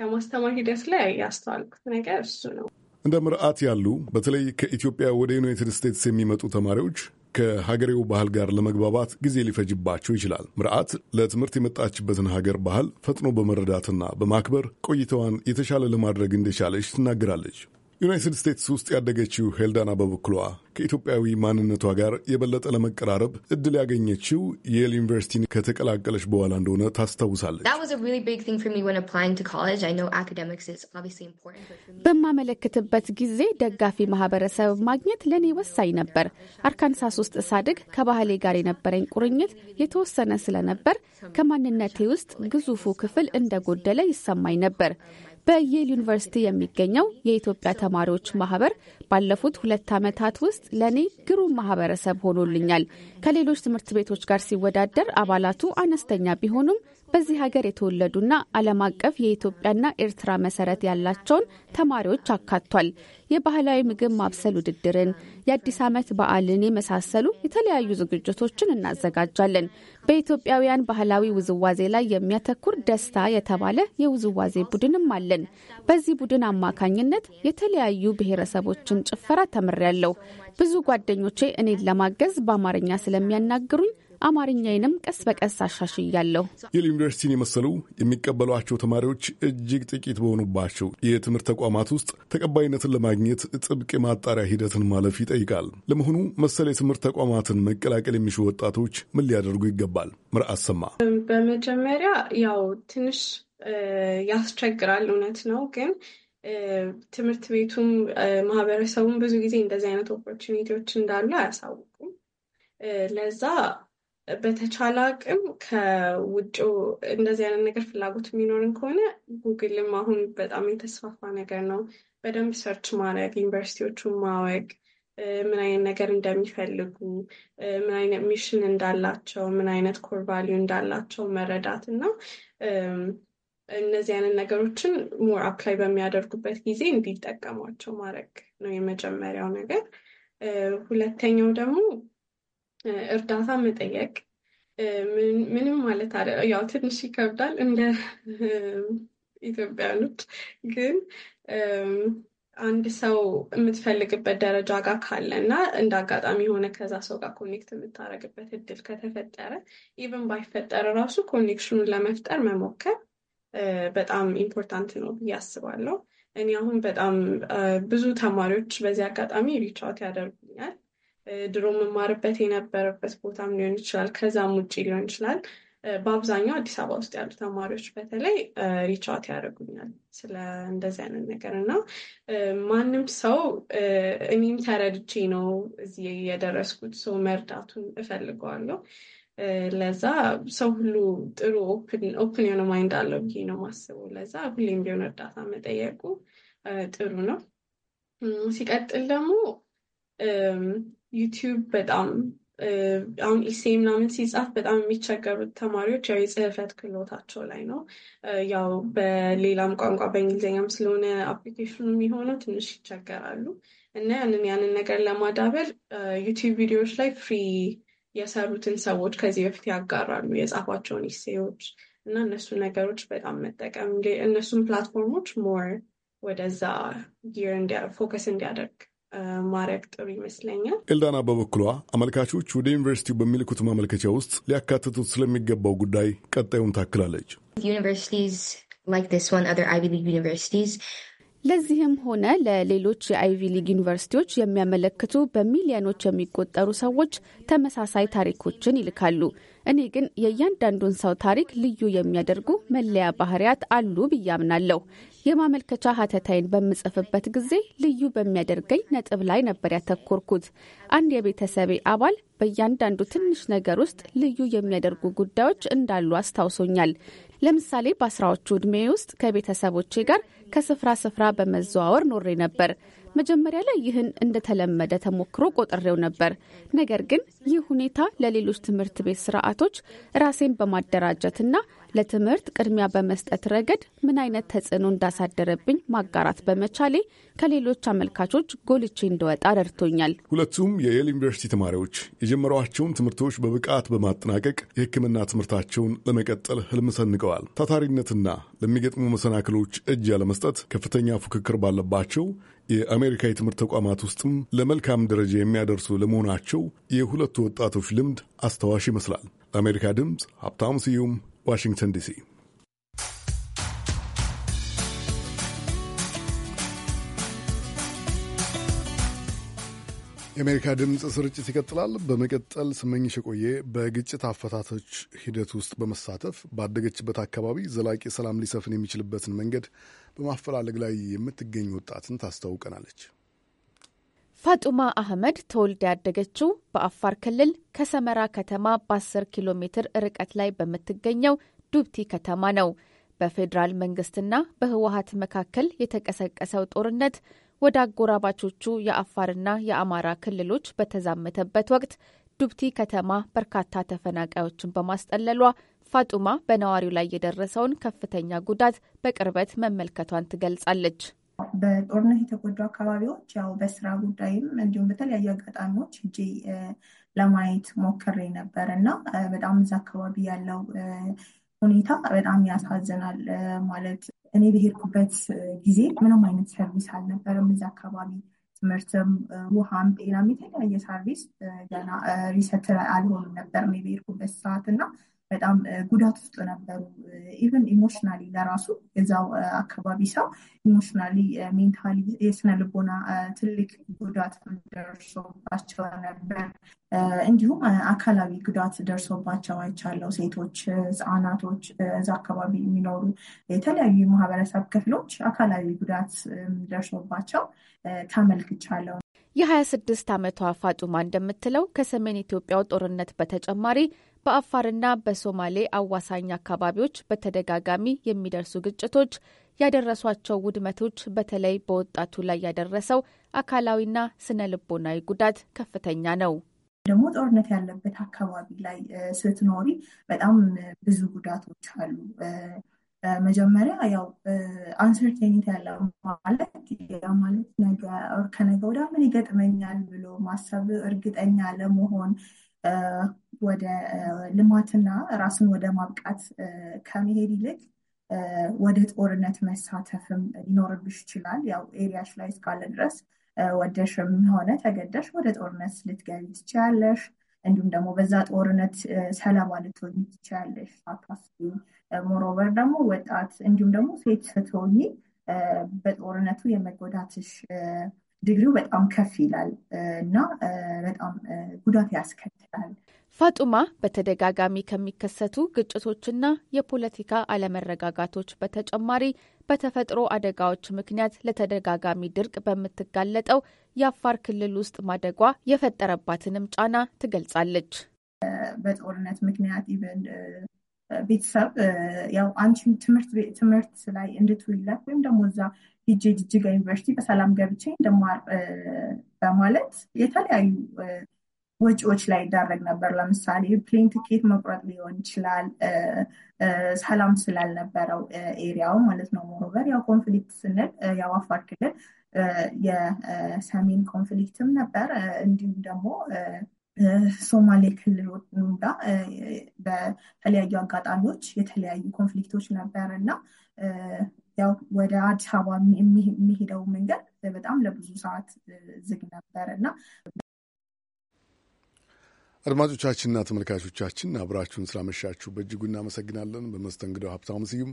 ከማስተማር ሂደት ላይ ያስተዋልኩት ነገር እሱ ነው። እንደ ምርዓት ያሉ በተለይ ከኢትዮጵያ ወደ ዩናይትድ ስቴትስ የሚመጡ ተማሪዎች ከሀገሬው ባህል ጋር ለመግባባት ጊዜ ሊፈጅባቸው ይችላል። ምርዓት ለትምህርት የመጣችበትን ሀገር ባህል ፈጥኖ በመረዳትና በማክበር ቆይታዋን የተሻለ ለማድረግ እንደቻለች ትናገራለች። ዩናይትድ ስቴትስ ውስጥ ያደገችው ሄልዳና በበኩሏ ከኢትዮጵያዊ ማንነቷ ጋር የበለጠ ለመቀራረብ እድል ያገኘችው የል ዩኒቨርሲቲን ከተቀላቀለች በኋላ እንደሆነ ታስታውሳለች። በማመለክትበት ጊዜ ደጋፊ ማህበረሰብ ማግኘት ለእኔ ወሳኝ ነበር። አርካንሳስ ውስጥ ሳድግ ከባህሌ ጋር የነበረኝ ቁርኝት የተወሰነ ስለነበር ከማንነቴ ውስጥ ግዙፉ ክፍል እንደጎደለ ይሰማኝ ነበር። በየል ዩኒቨርሲቲ የሚገኘው የኢትዮጵያ ተማሪዎች ማህበር ባለፉት ሁለት ዓመታት ውስጥ ለእኔ ግሩም ማህበረሰብ ሆኖልኛል። ከሌሎች ትምህርት ቤቶች ጋር ሲወዳደር አባላቱ አነስተኛ ቢሆኑም በዚህ ሀገር የተወለዱና ዓለም አቀፍ የኢትዮጵያና ኤርትራ መሰረት ያላቸውን ተማሪዎች አካቷል። የባህላዊ ምግብ ማብሰል ውድድርን፣ የአዲስ ዓመት በዓልን የመሳሰሉ የተለያዩ ዝግጅቶችን እናዘጋጃለን። በኢትዮጵያውያን ባህላዊ ውዝዋዜ ላይ የሚያተኩር ደስታ የተባለ የውዝዋዜ ቡድንም አለን። በዚህ ቡድን አማካኝነት የተለያዩ ብሔረሰቦችን ጭፈራ ተምሬያለሁ። ብዙ ጓደኞቼ እኔን ለማገዝ በአማርኛ ስለሚያናግሩኝ አማርኛዬንም ቀስ በቀስ አሻሽያለሁ። የል ዩኒቨርሲቲን የመሰሉ የሚቀበሏቸው ተማሪዎች እጅግ ጥቂት በሆኑባቸው የትምህርት ተቋማት ውስጥ ተቀባይነትን ለማግኘት ጥብቅ የማጣሪያ ሂደትን ማለፍ ይጠይቃል። ለመሆኑ መሰል የትምህርት ተቋማትን መቀላቀል የሚሹ ወጣቶች ምን ሊያደርጉ ይገባል? ምርአት ሰማ በመጀመሪያ ያው ትንሽ ያስቸግራል፣ እውነት ነው ግን ትምህርት ቤቱም ማህበረሰቡም ብዙ ጊዜ እንደዚህ አይነት ኦፖርቹኒቲዎች እንዳሉ አያሳውቁም። ለዛ በተቻለ አቅም ከውጭ እንደዚህ አይነት ነገር ፍላጎት የሚኖርን ከሆነ ጉግልም አሁን በጣም የተስፋፋ ነገር ነው። በደንብ ሰርች ማድረግ፣ ዩኒቨርሲቲዎቹን ማወቅ፣ ምን አይነት ነገር እንደሚፈልጉ፣ ምን አይነት ሚሽን እንዳላቸው፣ ምን አይነት ኮር ቫሊዩ እንዳላቸው መረዳት እና እነዚህ አይነት ነገሮችን ሞር አፕላይ በሚያደርጉበት ጊዜ እንዲጠቀሟቸው ማድረግ ነው የመጀመሪያው ነገር። ሁለተኛው ደግሞ እርዳታ መጠየቅ ምንም ማለት አለ ያው ትንሽ ይከብዳል እንደ ኢትዮጵያኖች ግን አንድ ሰው የምትፈልግበት ደረጃ ጋር ካለ እና እንደ አጋጣሚ የሆነ ከዛ ሰው ጋር ኮኔክት የምታደርግበት እድል ከተፈጠረ ኢቨን ባይፈጠር ራሱ ኮኔክሽኑን ለመፍጠር መሞከር በጣም ኢምፖርታንት ነው ብዬ አስባለሁ። እኔ አሁን በጣም ብዙ ተማሪዎች በዚህ አጋጣሚ ሪቻውት ያደርጉ ድሮ መማርበት የነበረበት ቦታም ሊሆን ይችላል፣ ከዛም ውጭ ሊሆን ይችላል። በአብዛኛው አዲስ አበባ ውስጥ ያሉ ተማሪዎች በተለይ ሪቻት ያደርጉኛል ስለ እንደዚህ አይነት ነገር እና ማንም ሰው እኔም ተረድቼ ነው እዚህ የደረስኩት ሰው መርዳቱን እፈልገዋለሁ። ለዛ ሰው ሁሉ ጥሩ ኦፕን የሆነ ማይንድ አለው ብዬ ነው ማስበው። ለዛ ሁሌም ቢሆን እርዳታ መጠየቁ ጥሩ ነው። ሲቀጥል ደግሞ ዩቲዩብ በጣም አሁን ኢሴ ምናምን ሲጻፍ በጣም የሚቸገሩት ተማሪዎች ያው የጽህፈት ክህሎታቸው ላይ ነው። ያው በሌላም ቋንቋ በእንግሊዝኛም ስለሆነ አፕሊኬሽኑ የሚሆነው ትንሽ ይቸገራሉ እና ያንን ያንን ነገር ለማዳበር ዩቲዩብ ቪዲዮዎች ላይ ፍሪ የሰሩትን ሰዎች ከዚህ በፊት ያጋራሉ የጻፏቸውን ኢሴዎች እና እነሱ ነገሮች በጣም መጠቀም እነሱን ፕላትፎርሞች ሞር ወደዛ ጊር ፎከስ እንዲያደርግ ማድረግ ጥሩ ይመስለኛል። ኤልዳና በበኩሏ አመልካቾች ወደ ዩኒቨርሲቲው በሚልኩት ማመልከቻ ውስጥ ሊያካትቱት ስለሚገባው ጉዳይ ቀጣዩን ታክላለች። ለዚህም ሆነ ለሌሎች የአይቪ ሊግ ዩኒቨርሲቲዎች የሚያመለክቱ በሚሊዮኖች የሚቆጠሩ ሰዎች ተመሳሳይ ታሪኮችን ይልካሉ። እኔ ግን የእያንዳንዱን ሰው ታሪክ ልዩ የሚያደርጉ መለያ ባህሪያት አሉ ብዬ አምናለሁ። የማመልከቻ ሀተታይን በምጽፍበት ጊዜ ልዩ በሚያደርገኝ ነጥብ ላይ ነበር ያተኮርኩት። አንድ የቤተሰቤ አባል በእያንዳንዱ ትንሽ ነገር ውስጥ ልዩ የሚያደርጉ ጉዳዮች እንዳሉ አስታውሶኛል። ለምሳሌ በአስራዎቹ ዕድሜ ውስጥ ከቤተሰቦቼ ጋር ከስፍራ ስፍራ በመዘዋወር ኖሬ ነበር። መጀመሪያ ላይ ይህን እንደተለመደ ተሞክሮ ቆጥሬው ነበር። ነገር ግን ይህ ሁኔታ ለሌሎች ትምህርት ቤት ስርዓቶች ራሴን በማደራጀትና ለትምህርት ቅድሚያ በመስጠት ረገድ ምን አይነት ተጽዕኖ እንዳሳደረብኝ ማጋራት በመቻሌ ከሌሎች አመልካቾች ጎልቼ እንደወጣ ረድቶኛል። ሁለቱም የየል ዩኒቨርሲቲ ተማሪዎች የጀመሯቸውን ትምህርቶች በብቃት በማጠናቀቅ የሕክምና ትምህርታቸውን ለመቀጠል ህልም ሰንቀዋል። ታታሪነትና ለሚገጥሙ መሰናክሎች እጅ ያለመስጠት ከፍተኛ ፉክክር ባለባቸው የአሜሪካ የትምህርት ተቋማት ውስጥም ለመልካም ደረጃ የሚያደርሱ ለመሆናቸው የሁለቱ ወጣቶች ልምድ አስታዋሽ ይመስላል። ለአሜሪካ ድምፅ ሀብታሙ ስዩም ዋሽንግተን ዲሲ። የአሜሪካ ድምፅ ስርጭት ይቀጥላል። በመቀጠል ስመኝሽ የቆየ በግጭት አፈታቶች ሂደት ውስጥ በመሳተፍ ባደገችበት አካባቢ ዘላቂ ሰላም ሊሰፍን የሚችልበትን መንገድ በማፈላለግ ላይ የምትገኝ ወጣትን ታስታውቀናለች። ፋጡማ አህመድ ተወልዳ ያደገችው በአፋር ክልል ከሰመራ ከተማ በ10 ኪሎ ሜትር ርቀት ላይ በምትገኘው ዱብቲ ከተማ ነው። በፌዴራል መንግስትና በህወሀት መካከል የተቀሰቀሰው ጦርነት ወደ አጎራባቾቹ የአፋርና የአማራ ክልሎች በተዛመተበት ወቅት ዱብቲ ከተማ በርካታ ተፈናቃዮችን በማስጠለሏ ፋጡማ በነዋሪው ላይ የደረሰውን ከፍተኛ ጉዳት በቅርበት መመልከቷን ትገልጻለች። በጦርነት የተጎዱ አካባቢዎች ያው በስራ ጉዳይም እንዲሁም በተለያዩ አጋጣሚዎች እጅ ለማየት ሞክሬ ነበር እና በጣም እዛ አካባቢ ያለው ሁኔታ በጣም ያሳዝናል። ማለት እኔ በሄድኩበት ጊዜ ምንም አይነት ሰርቪስ አልነበረም እዛ አካባቢ ትምህርትም፣ ውሃም፣ ጤናም የተለያየ ሰርቪስ ገና ሪሰት አልሆኑም ነበር የሄድኩበት ሰዓት እና በጣም ጉዳት ውስጥ ነበሩ። ኢቨን ኢሞሽናሊ ለራሱ የዛው አካባቢ ሰው ኢሞሽናሊ፣ ሜንታሊ የስነ ልቦና ትልቅ ጉዳት ደርሶባቸው ነበር። እንዲሁም አካላዊ ጉዳት ደርሶባቸው አይቻለው። ሴቶች፣ ህፃናቶች፣ እዛ አካባቢ የሚኖሩ የተለያዩ የማህበረሰብ ክፍሎች አካላዊ ጉዳት ደርሶባቸው ተመልክቻለው። የ26 ዓመቷ ፋጡማ እንደምትለው ከሰሜን ኢትዮጵያው ጦርነት በተጨማሪ በአፋርና በሶማሌ አዋሳኝ አካባቢዎች በተደጋጋሚ የሚደርሱ ግጭቶች ያደረሷቸው ውድመቶች በተለይ በወጣቱ ላይ ያደረሰው አካላዊና ስነ ልቦናዊ ጉዳት ከፍተኛ ነው። ደግሞ ጦርነት ያለበት አካባቢ ላይ ስትኖሪ በጣም ብዙ ጉዳቶች አሉ። መጀመሪያ ያው አንሰርቴኒቲ ያለ ማለት ማለት ነገ ከነገ ወዲያ ምን ይገጥመኛል ብሎ ማሰብ፣ እርግጠኛ ለመሆን ወደ ልማትና ራስን ወደ ማብቃት ከመሄድ ይልቅ ወደ ጦርነት መሳተፍም ሊኖርብሽ ይችላል። ያው ኤሪያሽ ላይ እስካለ ድረስ ወደሽም ሆነ ተገደሽ ወደ ጦርነት ልትገቢ ትችላለሽ። እንዲሁም ደግሞ በዛ ጦርነት ሰለባ ልትሆኝ ትችላለሽ ሳታስቢው። ሞሮቨር ደግሞ ወጣት እንዲሁም ደግሞ ሴት ስትሆኚ በጦርነቱ የመጎዳትሽ ድግሪው በጣም ከፍ ይላል እና በጣም ጉዳት ያስከትላል። ፋጡማ በተደጋጋሚ ከሚከሰቱ ግጭቶችና የፖለቲካ አለመረጋጋቶች በተጨማሪ በተፈጥሮ አደጋዎች ምክንያት ለተደጋጋሚ ድርቅ በምትጋለጠው የአፋር ክልል ውስጥ ማደጓ የፈጠረባትንም ጫና ትገልጻለች። በጦርነት ምክንያት ኢቨን ቤተሰብ ያው አንቺ ትምህርት ላይ እንድትውይላት ወይም ደግሞ እዛ ሂጄ ጅጅጋ ዩኒቨርሲቲ በሰላም ገብቼ እንደማር በማለት የተለያዩ ወጪዎች ላይ ይዳረግ ነበር። ለምሳሌ ፕሌን ትኬት መቁረጥ ሊሆን ይችላል። ሰላም ስላልነበረው ኤሪያው ማለት ነው። ሞሮቨር ያው ኮንፍሊክት ስንል ያው አፋር ክልል የሰሜን ኮንፍሊክትም ነበር እንዲሁም ደግሞ ሶማሌ ክልሎች ጋር በተለያዩ አጋጣሚዎች የተለያዩ ኮንፍሊክቶች ነበር እና ያው ወደ አዲስ አበባ የሚሄደው መንገድ በጣም ለብዙ ሰዓት ዝግ ነበር እና አድማጮቻችንና ተመልካቾቻችን አብራችሁን ስላመሻችሁ በእጅጉ እናመሰግናለን። በመስተንግዶ ሀብታሙ ስዩም፣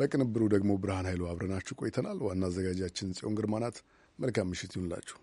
በቅንብሩ ደግሞ ብርሃን ኃይሉ አብረናችሁ ቆይተናል። ዋና አዘጋጃችን ጽዮን ግርማ ናት። መልካም ምሽት ይሁንላችሁ።